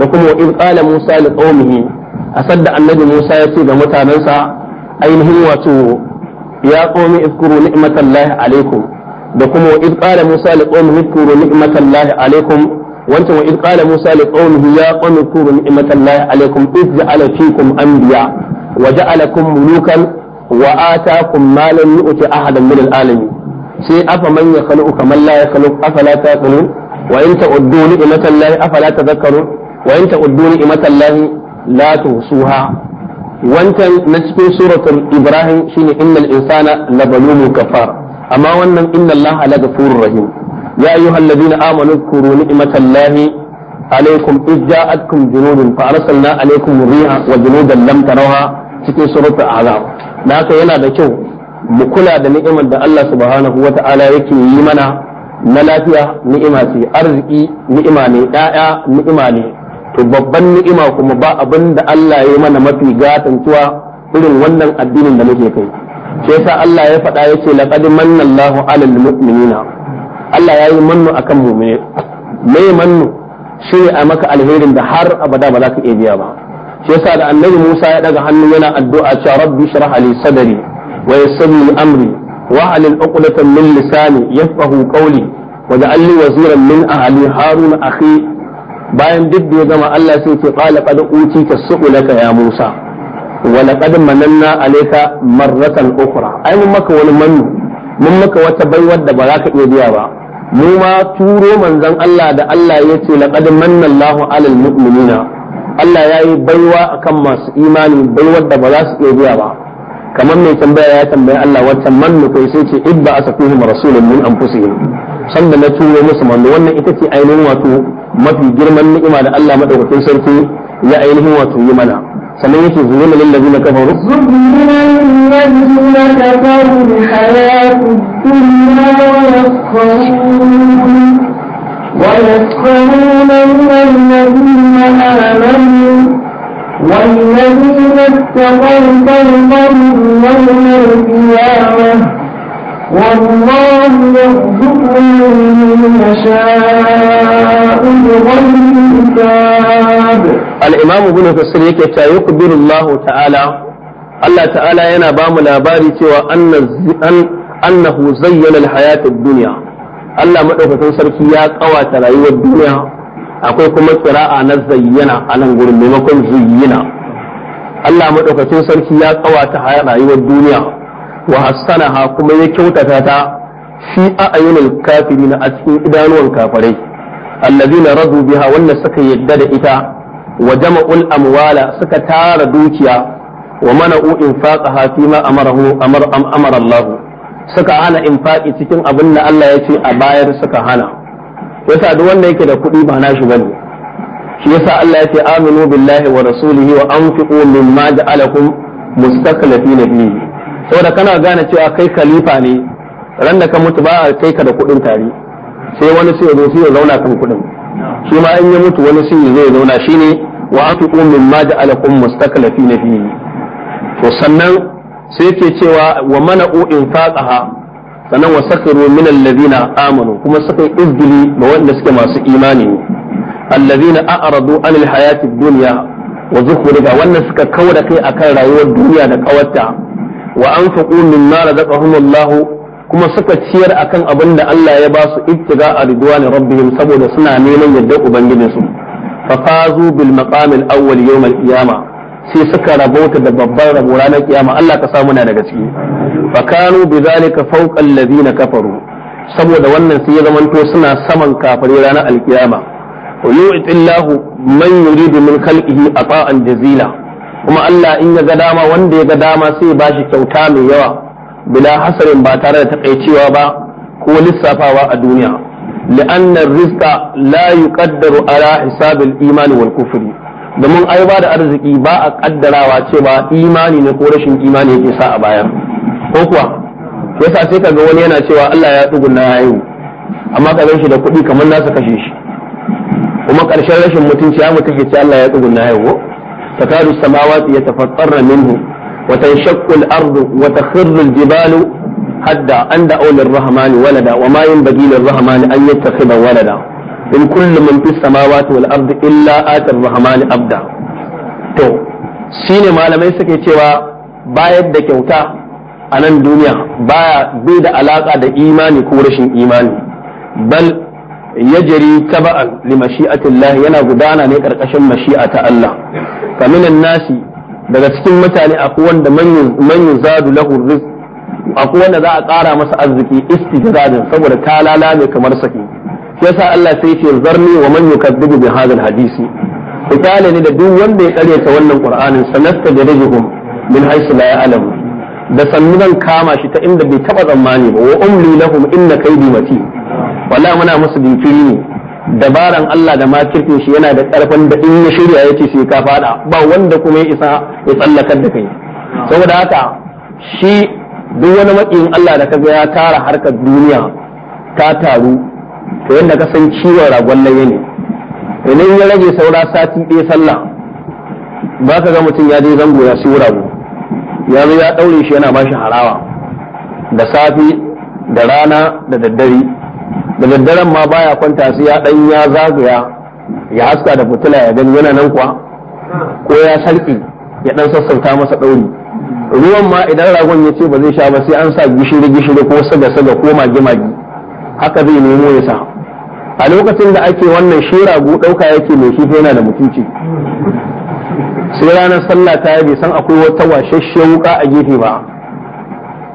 da kuma wa idh qala musa liqaumihi asadda annabi musa ya ce ga mutanansa ainihin wato ya qaumi izkuru ni'matan lahi alaikum da kuma wa idh qala musa li qaumihi kuru ni'matallahi alaikum wancan wa idh musa li qaumihi ya qaumi kuru ni'matallahi alaikum idh ja'ala fikum anbiya wa ja'alakum mulukan wa ataakum ma lam yu'ti ahadan min al-alamin sai afa man ya khalu kamar la ya khalu afala taqulun wa in ta'uddu ni'matallahi afala tadhakkarun wa in ta'uddu ni'matallahi la tuhsuha wancan na cikin suratul ibrahim shine innal insana labalumu kafar amma wannan inna allaha la ghafurur rahim ya ayyuhal ladina amanu kuru ni'matallahi alaikum iz ja'atkum junudun fa arsalna alaikum riha wa junudan lam tarawha cikin suratul Na naka yana da kyau mu kula da ni'imar da Allah subhanahu wata'ala yake yi mana na lafiya ni'ima ce arziki ni'ima ne ɗaya ni'ima ne to babban ni'ima kuma ba abin da Allah ya yi mana mafi gatantuwa irin wannan addinin da muke kai shi yasa Allah ya faɗa yake laqad manna Allahu 'alal mu'minina Allah ya yi mannu akan mu'mini me mannu shi ne a maka alherin da har abada ba za ka iya biya ba shi yasa da annabi Musa ya daga hannu yana addu'a cewa rabbi shrah li sadri wa yassir li amri wa halil uqdatan min lisani yafqahu qawli wa ja'al li waziran min ahli harun akhi bayan duk da ya gama Allah sai ya ce qala qad utita su'ulaka ya Musa ولقد مننا عليك مرة أخرى أي من مكة ولمن من مكة وتبي ود براك إيديا mu ma turo manzon Allah da Allah ya ce laqad manna Allahu alal mu'minina Allah ya yi baiwa akan masu imani baiwar da ba za su iya biya ba kamar mai tambaya ya tambayi Allah wancan mannu kai sai ce idda asafihim rasulun min anfusihim sanda na turo musu manzo wannan ita ce ainihin wato mafi girman ni'ima da Allah madaukakin sarki ya ainihin wato yi mana كمن يكون ظلم للذين كفروا ظلم للذين كفروا بحياة الدنيا ويسخرون ويسخرون من الذين آمنوا والذين اتقوا فوقهم يوم القيامة والله يرزق من يشاء بغير حساب al-imam ibn kasir yake ta yukbiru Allah ta'ala Allah ta'ala yana ba mu labari cewa annahu zayyana al duniya. Allah madaukakin sarki ya kawata rayuwar duniya akwai kuma kira'a na zayyana a nan gurin maimakon zuyyina Allah madaukakin sarki ya kawata rayuwar duniya wa hassanaha kuma ya kyautata ta fi a'yunil kafirina a cikin idanuwan kafirai allazina radu biha wanda suka yarda da ita wa jama'ul amwala suka tara dukiya wa mana mana'u infaqaha fi ma amarahu amar am amara Allah suka hana infaqi cikin abin da Allah ya ce a bayar suka hana yasa duk wanda yake da kuɗi ba nashi bane shi yasa Allah ya ce aminu billahi wa rasulihi wa anfiqu mimma ja'alakum mustaqlifina fihi saboda kana gane cewa kai khalifa ne ran ka mutu ba kai ka da kuɗin tare sai wani sai zo sai ya zauna kan kuɗin shi ma in ya mutu wani sai ya zo ya zauna shine wa afiqu mimma ja'alakum na biyu. to sannan sai yake cewa wa mana'u infaqaha sannan wa sakaru min alladhina amanu kuma suka izgili ga wanda suke masu imani ne alladhina a'radu anil hayati dunya wa zukhriha wannan suka da kai akan rayuwar duniya da kawarta wa anfaqu mimma razaqahumullahu kuma suka ciyar akan abin da Allah ya ba su ittiga a ridwani rabbihim saboda suna neman yadda ubangijinsu su fa fazu bil maqamil awwal yawm al sai suka rabota da babban rabo ranar kiyama Allah ka samu na daga ciki fa kanu bi zalika fawqa alladhina kafaru saboda wannan sai ya zamanto suna saman kafare ranar alkiyama wa yu'tillahu man yuridu min khalqihi ata'an jazila kuma Allah in ya ga dama wanda ya ga dama sai ya bashi kyauta mai yawa bila hasarin ba tare da takaicewa ba ko lissafawa a duniya li'annar Rista la yuqaddaru ala hisabil imani wal kufri domin ai ba da arziki ba a kaddarawa cewa imani ne ko rashin imani yake sa a baya ko kuwa yasa sai kaga wani yana cewa Allah ya tsuguna ya amma ka shi da kuɗi kamar nasa kashe shi kuma ƙarshen rashin mutunci ya mutu ke ce Allah ya tsuguna ya yi ta kadu samawati ya minhu وتنشق الأرض وتخر الجبال حتى أن دعوا للرحمن ولدا وما ينبغي للرحمن أن يتخذ ولدا إن كل من في السماوات والأرض إلا آتى الرحمن أبدا تو سين ما لم يسكي cewa bayar da kyauta a nan duniya baya bai da alaƙa da imani ko rashin imani bal yajri a li mashi'atillah yana gudana ne karkashin mashi'a Allah kaminan nasi daga cikin mutane akwai wanda manyan zadu rizq akwai wanda za a ƙara masa arziki istijradin saboda kalala ne kamar saki yasa Allah sai ce zarni wa man yukadibu bi hadal hadisi ku ne da duk wanda ya karyata wannan qur'anin sanastajrijuhum min haythu la ya'lamu da sannu zan kama shi ta inda bai taba tsammani ba wa umli lahum inna kaydi mati Wala muna musu jinkiri ne dabaran Allah da makirkin shi yana da karfin da in ya shirya ya ce sai ka fada ba wanda kuma ya isa ya tsallakar da kai saboda haka shi duk wani makin Allah da kaga ya tara harkar duniya ta taru to yadda ka san ciwon ragon laye ne idan ya rage saura sati ɗaya sallah ba ka ga mutum ya je zango ya siyo rago ya zo ya ɗaure shi yana ba shi harawa da safe da rana da daddare da daddaren ma baya kwanta sai ya dan ya zagaya ya haska da fitila ya gani yana nan kuwa ko ya sarki ya dan sassauta masa ɗauri ruwan ma idan ragon ya ce ba zai sha ba sai an sa gishiri gishiri ko saga saga ko magi magi haka zai nemo ya sa a lokacin da ake wannan shira rago ɗauka yake mai shi yana da mutunci sai ranar sallah ta bai san akwai wata washashshe wuka a gefe ba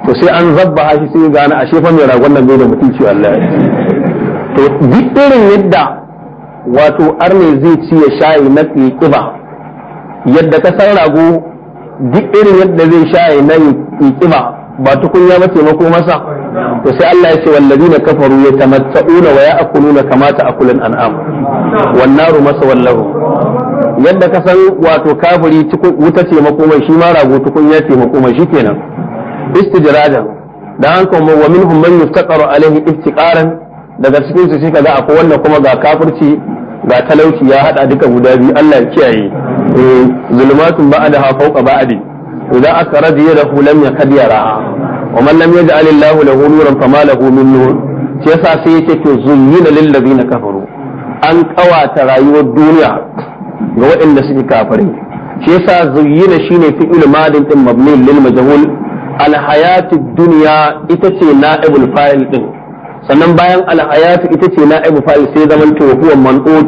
to sai an zabba shi sai gane a shefa mai ragon nan bai da mutunci wallahi to duk irin yadda wato arne zai ci ya shayi na ƙiba yadda ka san rago duk irin yadda zai shayi na ƙiba ba tukunya ba taimako masa to sai Allah ya ce wallazi na kafaru ya tamatta'una wa ya'kuluna kama ta'kulun an'am wan naru wallahu yadda ka san wato kafiri wuta taimako mai shi ma rago tukunya taimako mai shikenan istijrajan dan an kuma wa minhum man yuftaqaru alaihi iftiqaran daga cikin su sai za akwai wannan kuma ga kafirci ga talauci ya hada duka guda biyu Allah ya kiyaye eh, zulumatun ba'a ha fawqa ba'di idan aka radiya da lam yakad ra'a wa man lam yaj'al Allah lahu nuran fama lahu min nur shi yasa sai yake to zunnina lil ladina kafaru an kawata rayuwar duniya ga waɗanda suke kafare shi yasa zunnina shine fi'il madin din mabni lil majhul al hayatid dunya ita ce na'ibul fa'il din sannan bayan alhayatu ita ce na aibu fa'il sai zaman to huwa man'ud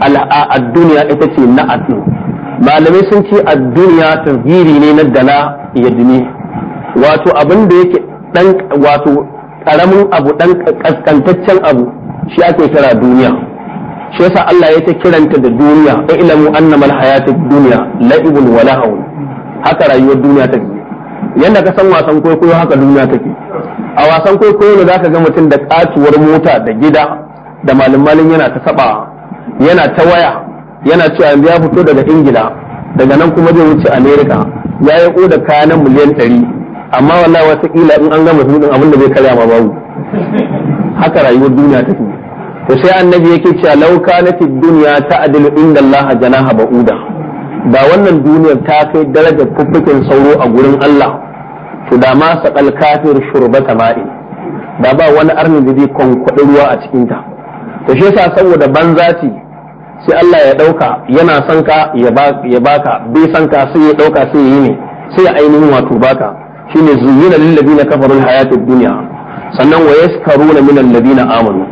ad-dunya ita ce na atlu malamai sun ce ad-dunya tasgiri ne na dala yadni wato abin da yake dan wato karamin abu dan kaskantaccen abu shi ake kira duniya shi yasa Allah ya ta kiranta da duniya ai ilamu annamal hayatud dunya la'ibun wa haka rayuwar duniya take yanda ka san wasan kwaikwayo haka duniya take a wasan kwaikwayo ne zaka ga mutum da katuwar mota da gida da malin yana ta saba yana ta waya yana cewa yanzu ya fito daga ingila daga nan kuma zai wuce america ya yi oda kaya na miliyan ɗari amma wata ƙila in an gama din abin da zai karya ma babu haka rayuwar duniya ta fi to sai annabi yake cewa lauka na fi ta ta ta'dilu inda Allah janaha ba'uda Ba wannan duniyar ta kai darajar fuffukin sauro a gurin Allah to da ma saqal kafir ta ma'i da ba wani arni da zai kwankwaɗi ruwa a cikin ta to shi yasa saboda banza ce sai Allah ya dauka yana son ka ya baka bai son ka sai ya dauka sai ya yi ne sai ainihin wato baka shine zuyina lil ladina kafaru hayatud dunya sannan wa yaskaruna min alladina amanu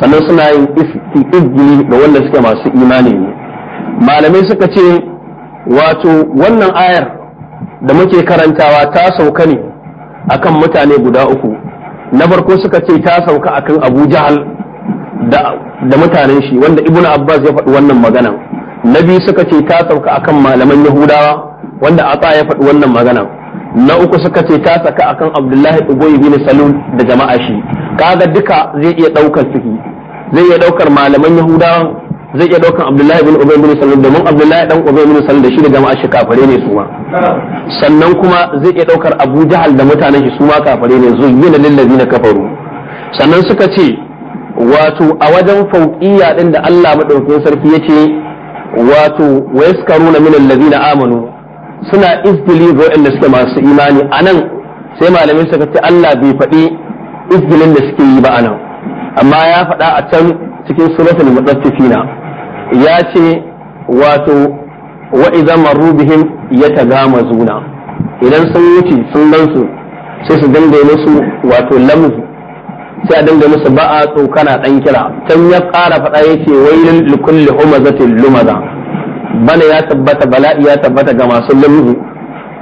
sannan suna yin istiqbili da wanda suke masu imani ne malamai suka ce wato wannan ayar da muke karantawa ta sauka ne akan mutane guda uku na farko suka ce ta sauka akan abu jahal da mutanen shi wanda Ibn abbas ya faɗi wannan magana na biyu suka ce ta sauka akan malaman yahudawa wanda ata ya faɗi wannan magana na uku suka ce ta saka akan abdullahi uboyi bin salul da jama'a shi kaga duka zai iya ɗaukar zai iya ɗaukar malaman yahudawa zai iya daukan abdullahi bin ubay bin sallam domin abdullahi dan ubay bin sallam da shi da jama'a shi kafare ne su ma sannan kuma zai iya daukar abu jahal da mutanen shi su ma kafare ne na lil ladina kafaru sannan suka ce wato a wajen fauqiya din da Allah madaukakin sarki yace wato wa yaskaruna min alladhina amanu suna izdili ga waɗanda suke masu imani anan sai malamai suka ce Allah bai faɗi izdilin da suke yi ba anan amma ya faɗa a can cikin suratul mutaffifina ya ce wato wa idza marru bihim yatagamazuna idan sun wuce sun dan su sai su dinga musu wato lamu sai a dinga musu ba a tsokana dan kira Tan ya ƙara faɗa yace wailul likulli humazatin lumaza bana ya tabbata bala'i ya tabbata ga masu lamu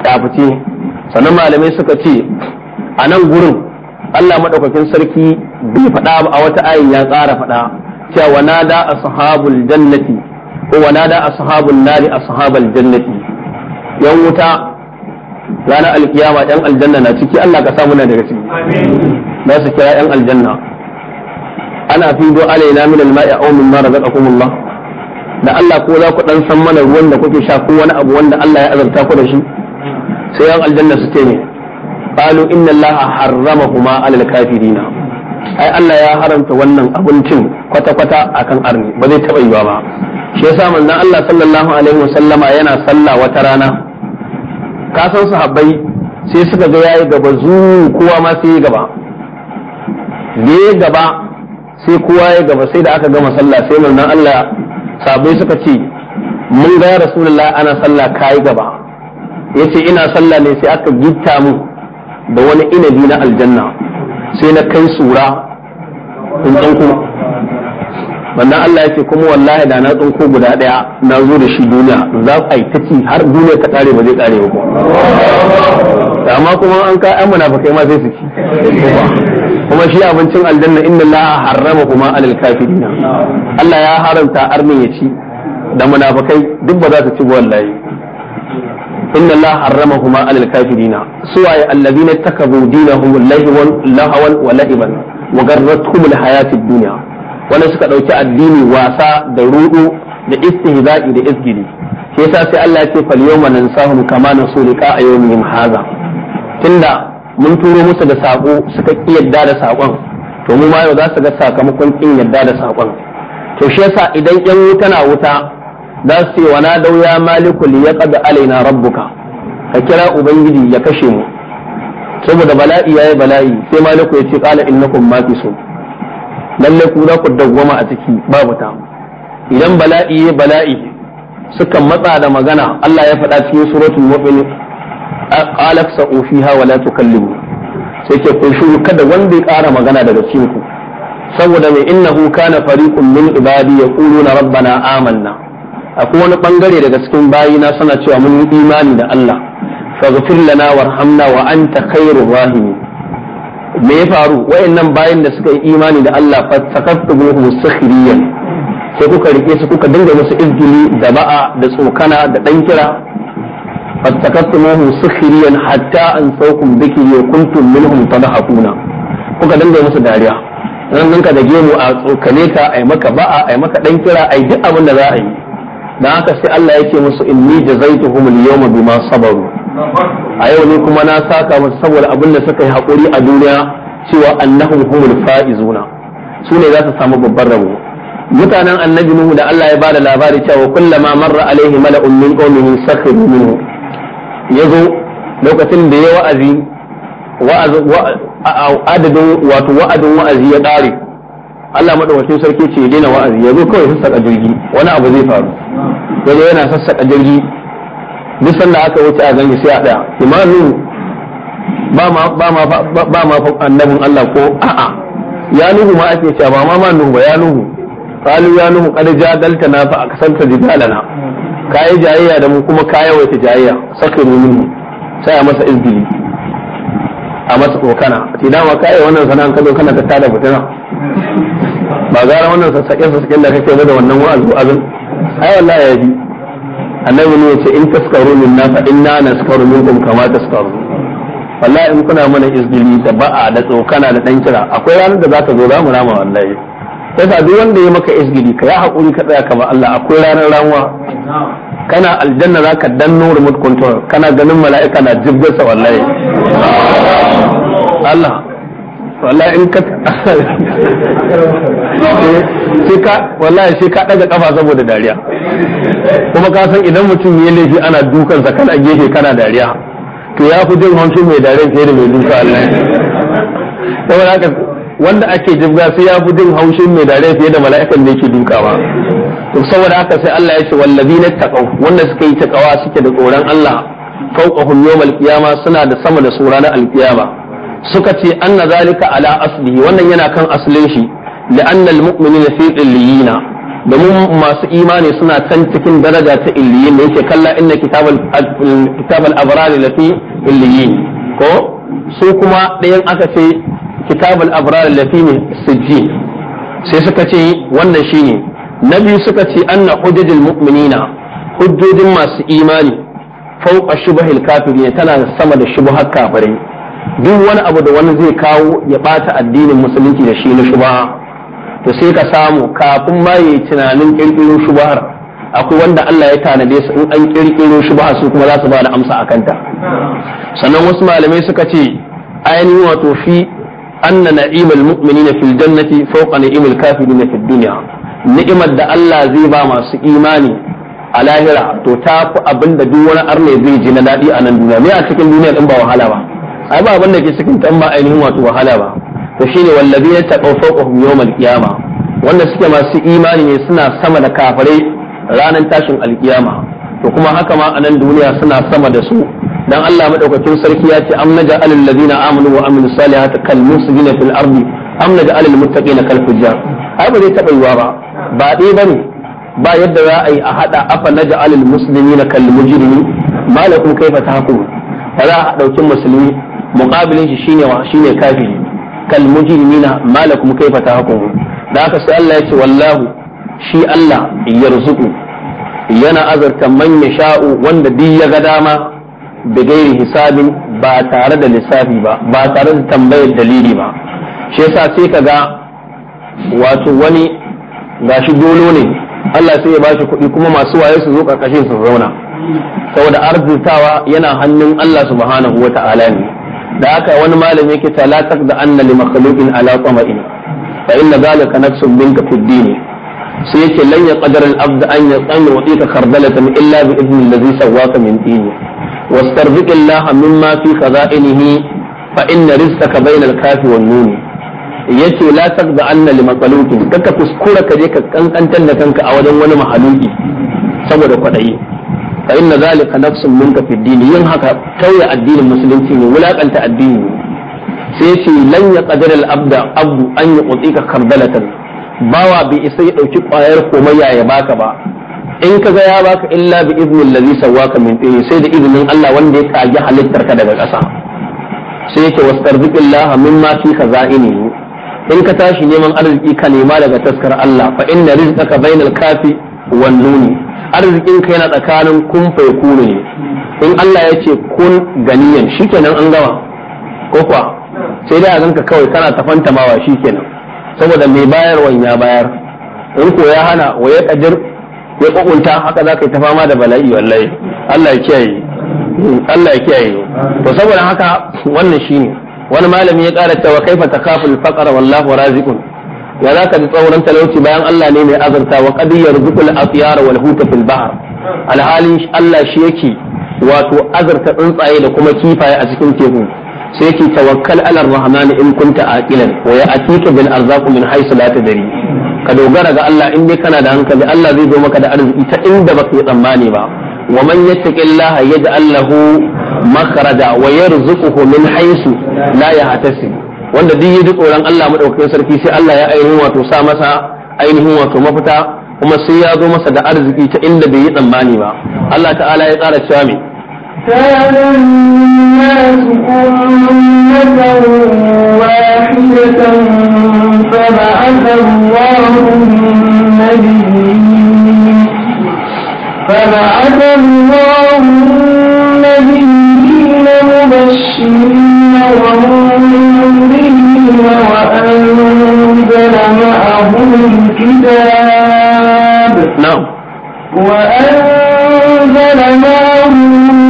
tafuci sannan malamai suka ce a nan gurin Allah maɗaukakin sarki bai faɗa a wata ayin ya ƙara faɗa cewa wanada ashabul jannati ko wanada nari jannati yan wuta ranar alkiyama yan aljanna na ciki Allah ka samu na daga ciki za su kira yan aljanna ana fido alaina min alma'i aw mimma razaqakumullah da Allah ko za ku dan san mana ruwan da kuke sha ko wani abu wanda Allah ya azarta ku da shi sai yan aljanna su ce ne qalu inna allaha harramahuma alal kafirina ai Allah ya haramta wannan abincin kwata-kwata akan arni ba zai taɓa yiwa ba shi yasa manzon Allah sallallahu alaihi wasallama yana sallah wata rana ka san sahabbai sai suka ga yayi gaba zu kowa ma sai gaba da gaba sai kowa ya gaba sai da aka gama sallah sai manzon Allah sahabbai suka ce mun ga rasulullah ana sallah kai gaba yace ina sallah ne sai aka gitta mu da wani inabi na aljanna sai na kai sura in tsinko wannan Allah yake kuma wallahi da na tsinko guda daya na zo da shi duniya za a yi taki har duniya ta kare ba zai kare ba da amma kuma an ka an fakai ma sai su ci kuma shi abincin aljanna inna la harrama kuma alal kafirina Allah ya haramta armin ya ci da munafikai duk ba za su ci wallahi inna Allah harramahuma alal kafirina suwaye allazina takabu dinahum lahwan lahawan wa la'iban wa garratuhum alhayat ad-dunya wanda suka ɗauki addini wasa da rudu da istihza'i da isgidi shi yasa sai Allah ya ce fal yawma nansahum kama nasu liqa yawmihim hadha tunda mun turo musu da sako suka ki yadda da sakon to mu ma yau za su ga sakamakon kin yadda da sakon to shi yasa idan yan wuta na wuta za su ce wana dau ya maliku ya yaqad alaina rabbuka ka kira ubangiji ya kashe mu saboda bala'i yayi bala'i sai maliku ya ce qala innakum mafisun lalle ku za ku dawwama a ciki babu ta idan bala'i ya bala'i sukan matsa da magana Allah ya faɗa cikin suratul mu'min qala sa'u fiha wa la tukallimu sai ke ku shiru kada wanda ya ƙara magana daga cikin ku saboda mai innahu kana fariqun min ibadi yaquluna rabbana amanna akwai wani bangare daga cikin bayi na suna cewa mun yi imani da Allah faghfir lana warhamna wa anta khairur rahim me ya faru wayannan bayin da suka yi imani da Allah fa takaffuhu sakhiriyan sai kuka rike su kuka dinga musu izgili da ba'a da tsokana da dan kira fa hatta an saukum biki ya kuntum minhum tadhakuna kuka dinga musu dariya nan ninka da gemu a tsokane ka ai maka ba'a ai maka dan kira ai duk abin da za a yi dan haka sai Allah yake musu inni jazaituhum al-yawma bima sabaru a yau ne kuma na saka musu saboda abin da suka yi hakuri a duniya cewa annahum humul faizuna su ne za su samu babban rabo mutanen annabi nuhu da Allah ya ba da labari cewa kullama marra alaihi mala'un min qaumihi sakhiru minhu yazo lokacin da ya wa'azi adadin wato wa'adin wa'azi ya ƙare Allah madaukakin sarki ce ya daina wa'azi yazo kawai saka jirgi wani abu zai faru wani yana sassaƙa jirgi duk sanda aka wuce a gangi sai a ɗaya Imanu, ba ma annabin Allah ko a'a ya nuhu ma ake cewa ba ma ma nuhu ba ya nuhu qalu ya nuhu qad na fa aksanta jidalana kai jayayya da mu kuma wata jayayya sakiru minhu sai a masa izbili a masa kokana ce da ka kai wannan sana'an kado kana ta tada fitina ba gara wannan sassaƙe sassaƙen da kake ba da wannan wa'azu azin ai wallahi ya bi annabi ne yace in taskaru na fa inna naskaru minkum kama taskaru wallahi in kuna mana izgili da ba'a da tsokana da dan kira akwai ranar da zaka zo zamu rama wallahi sai sa duk wanda ya maka izgili ka ya hakuri ka tsaya kamar Allah akwai ranar ramuwa kana aljanna zaka danno remote control kana ganin mala'ika na jibgarsa wallahi Allah wallahi in ka sai ka wallahi sai ka daga kafa saboda dariya kuma ka san idan mutum ya laifi ana dukan sa kana gefe kana dariya to ya fi jin hancin mai dariya fiye da mai duka Allah saboda haka wanda ake jibga sai ya fi jin haushin mai dariya fiye da mala'ikan da yake dukawa to saboda haka sai Allah ya ce wallazina taqaw wanda suka yi taqawa suke da tsoron Allah fawqahum yawmal qiyama suna da sama da su ranar alqiyama suka ce anna zalika ala asli wannan yana kan asalin shi da annal mu'minina fi illiyina domin masu imani suna can cikin daraja ta illiyin da yake kalla inna kitabal abrari lafi illiyin ko su kuma ɗayan aka ce kitabal abrari lafi ne sijji sai suka ce wannan shine na biyu suka ce anna hujjajil mu'minina hujjojin masu imani fauqa shubahil kafirin tana sama da shubhar kafirai duk wani abu da wani zai kawo ya bata addinin musulunci da shi na shubaha to sai ka samu kafin ma yi tunanin kirkiro shubahar akwai wanda Allah ya tanade su in an kirkiro shubahar su kuma za su ba da amsa a kanta sannan wasu malamai suka ce ainihin wato fi anna na'imul na fil jannati fawqa na'imul kafirina fid dunya ni'imar da Allah zai ba masu imani a lahira to ta fi abin da duk wani arne zai ji na daɗi a nan duniya me a cikin duniya din ba wahala ba ai ba abin da ke cikin tan ba ainihin wato wahala ba to shine wallabi ya taqaw fawqahum yawm qiyama wanda suke masu imani ne suna sama da kafirai ranar tashin alkiyama to kuma haka ma a nan duniya suna sama da su dan Allah madaukakin sarki ya ce am naja'al alladhina amanu wa amilus salihati kal muslimina fil ardi am naja'al al muttaqina kal fujjar ai ba zai taba yiwa ba ba dai bane ba yadda za a yi a hada afa naja'al al muslimina kal mujrimi malakum kaifa tahkum fa za a dauki musulmi mukabilin shi shine wa shine kafiri kal mujrimina malakum kayfa tahkum da aka sai Allah ya wallahu shi Allah yarzuku yana azarta man sha'u wanda bi ya ga dama bi gairi hisabin ba tare da lissafi ba ba tare da tambayar dalili ba shi yasa sai kaga, wato wani gashi dolo ne Allah sai ya bashi kuɗi kuma masu waye su zo ƙarƙashin su zauna saboda arzikawa yana hannun Allah subhanahu wa ta'ala ne da haka wani malami yake ta la da anna li makhluqin ala tama'in fa inna zalika nafsun minka fi din sai yake lan ya qadara al-abd an yaqanna wa dika khardalatan illa bi idni allazi sawwaka min din واسترزق الله مما في ka فإن رزقك بين الكاف والنون yace la taqda anna li maqalukin kaka kuskura ka je ka kankantar da kanka a wajen wani mahaluki saboda kwadayi fa inna zalika nafsun minka fi dini yin haka tauye addinin musulunci ne wulakanta addini sai ce lan ya qadara al-abda abdu an yuqika karbelatan bawa bai isa ya ɗauki kwayar komai yaya baka ba in ka ga ya baka illa bi idnin ladhi sawwaka min tin sai da izinin Allah wanda ya kage halittar ka daga ƙasa sai yake wastarziqillaha mimma fi khaza'ini in ka tashi neman arziki ka nema daga taskar Allah fa inna rizqaka bainal kafi wan nuni arzikin ka yana tsakanin kun faikunu ne in Allah ya ce kun ganiyan shikenan an gama ko kuwa sai da a ka kawai kana tafanta mawa shikenan saboda mai bayarwan ya bayar in ko ya hana wa ya kadir ya kokunta haka za ka yi ta fama da bala'i wallahi Allah ya kiyaye Allah ya kiyaye to saboda haka wannan shine wani malami ya kara cewa kaifa takaful faqara wallahu razikun ya za ka ji tsauran talauci bayan Allah ne mai azurta wa qadiyar zukul afiyar wal huta fil bahr alhalin Allah shi yake wato azurta tsuntsaye da kuma kifaye a cikin teku sai yake tawakkal ala rahman in kunta aqilan wa ya'tika bil arzaq min haythu la tadri ka dogara ga Allah in dai kana da hankali Allah zai zo maka da arziki ta inda baka yi tsammani ba wa man yattaqillaha yaj'al lahu makhraja wa yarzuquhu min haythu la yahtasib wanda duk ya ji tsoron Allah madaukakin sarki sai Allah ya ainihin wato sa masa ainihin wato mafita kuma sai ya zo masa da arziki ta inda bai yi tsammani ba Allah ta'ala ya tsara cewa me كان الناس أمة فبعث الله النبيين مبشرين ومنذرين وأنزل معه الكتاب نعم وأنزل معه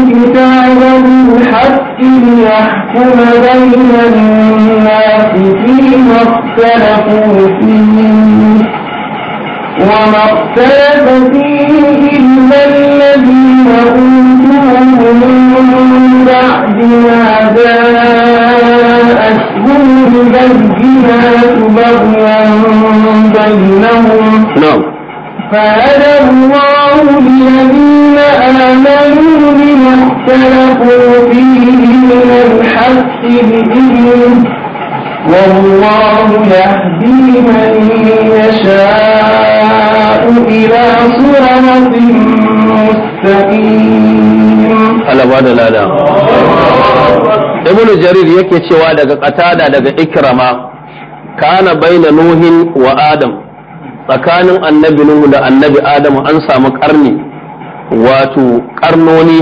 الكتاب بالحق ليحكم بين الناس فيما اختلفوا فيه وما اختلف فيه إلا الذين أوتوه من بعد ما جاءوا بالبينات بغيا بينهم نعم فهدى الله الذين آمنوا بما اختلفوا فيه من الحق بإذنه والله يهدي من يشاء إلى صراط مستقيم. على بعد الأداء. ibn jarir yake cewa daga qatada daga ikrama kana baina nuhin wa adam tsakanin annabi nuhu da annabi Adamu an samu karni wato karnoni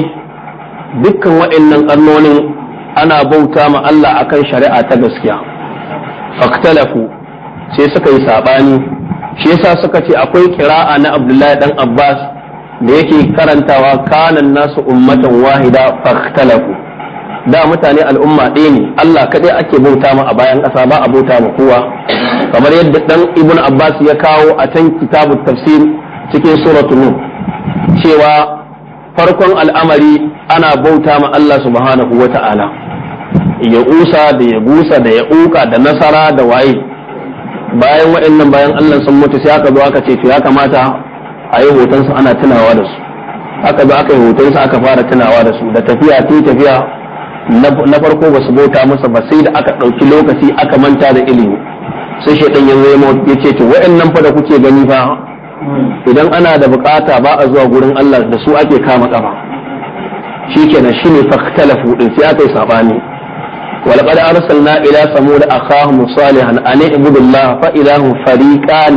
dukkan waɗannan karnonin ana bauta ma Allah akan shari'a ta gaskiya faktalafu sai suka yi sabani shi yasa suka ce akwai kira'a na Abdullahi dan Abbas da yake karantawa kanan nasu ummatan wahida faktalafu da mutane al'umma ɗaya ne Allah kaɗai ake bauta ma a bayan ƙasa ba a bauta ma kowa kamar yadda ɗan ibn Abbas ya kawo a can kitabut tafsir cikin suratu nun cewa farkon al'amari ana bauta ma Allah subhanahu wa ta'ala ya usa da ya gusa da ya uka da nasara da waye bayan waɗannan bayan Allah sun mutu sai aka zo aka ce to ya kamata a yi hotonsu ana tunawa da su aka zo aka yi hotonsu aka fara tunawa da su da tafiya tun tafiya na farko ba su bauta masa ba sai da aka ɗauki lokaci aka manta da ilimi sai shaidan ya zo ya ce to wa'annan fa da kuke gani fa idan ana da bukata ba a zuwa gurin Allah da su ake kama kafa shikenan shine faktalafu din sai aka yi sabani ولقد أرسلنا إلى ثمود أخاهم صالحا أن اعبدوا الله فإذا هم فريقان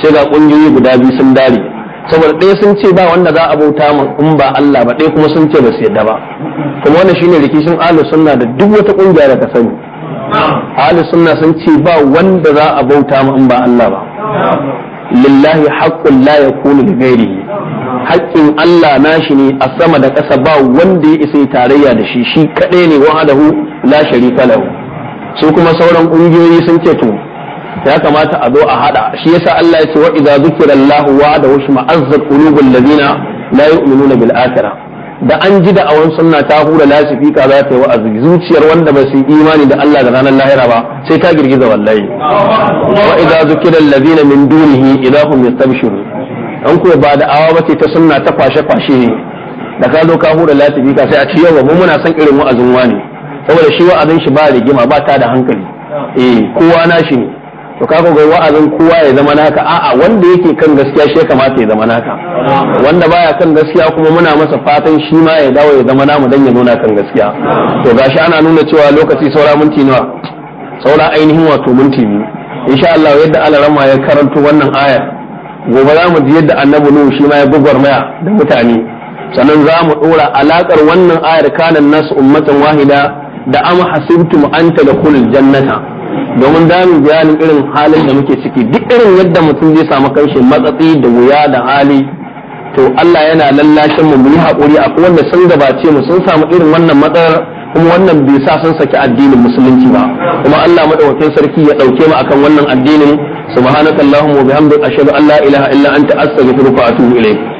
sai ga ƙungiyoyi guda biyu sun dare saboda ɗaya sun ce ba wanda za a bauta mu in ba Allah ba ɗaya kuma sun ce ba su yadda ba kuma wannan shine rikicin ahlus sunna da duk wata kungiya da ka sani ahlus sunna sun ce ba wanda za a bauta mu in ba Allah ba lillahi haqqun la yakunu li ghairihi haƙƙin Allah nashi ne a sama da ƙasa ba wanda ya isa tarayya da shi shi kaɗai ne wahadahu la sharika lahu su kuma sauran ƙungiyoyi sun ce to ya kamata a zo a hada shi yasa Allah ya ce wa idza zukira Allah wa da wasu ma'azzar qulubul ladina la yu'minuna bil akhirah da an ji da awan sunna ta hura lasifika za ta yi wa'azi zuciyar wanda ba su yi imani da Allah da ranar lahira ba sai ta girgiza wallahi wa idza zukira alladhina min dunihi idza hum yastabshiru an ko ba da awa bace ta sunna ta kwashe kwashe ne da ka zo ka hura lasifika sai a ci yawa mu muna son irin wa'azin wani saboda shi wa'azin shi ba rigima ba ta da hankali eh kowa na shi ne to kaga ga wa'azin kowa ya zama naka a'a wanda yake kan gaskiya shi kamata ya zama naka wanda baya kan gaskiya kuma muna masa fatan shi ma ya dawo ya zama namu dan ya nuna kan gaskiya to gashi ana nuna cewa lokaci saura minti nawa saura ainihin wato minti biyu insha Allah yadda alarama ya karanto wannan aya gobe za mu ji yadda annabi nuhu shi ma ya maya da mutane sannan za mu dora alakar wannan ayar kanan nasu ummatan wahida da am hasibtum an tadkhulul jannata domin damin bayanin irin halin da muke ciki duk irin yadda mutum zai samu kanshi matsatsi da wuya da hali to Allah yana lallashin mu yi haƙuri a wanda sun gabace mu sun samu irin wannan matsalar kuma wannan bai sa sun saki addinin musulunci ba kuma Allah madaukakin sarki ya dauke mu akan wannan addinin subhanakallahumma wa bihamdika ashhadu an la ilaha illa anta astaghfiruka wa atubu ilayk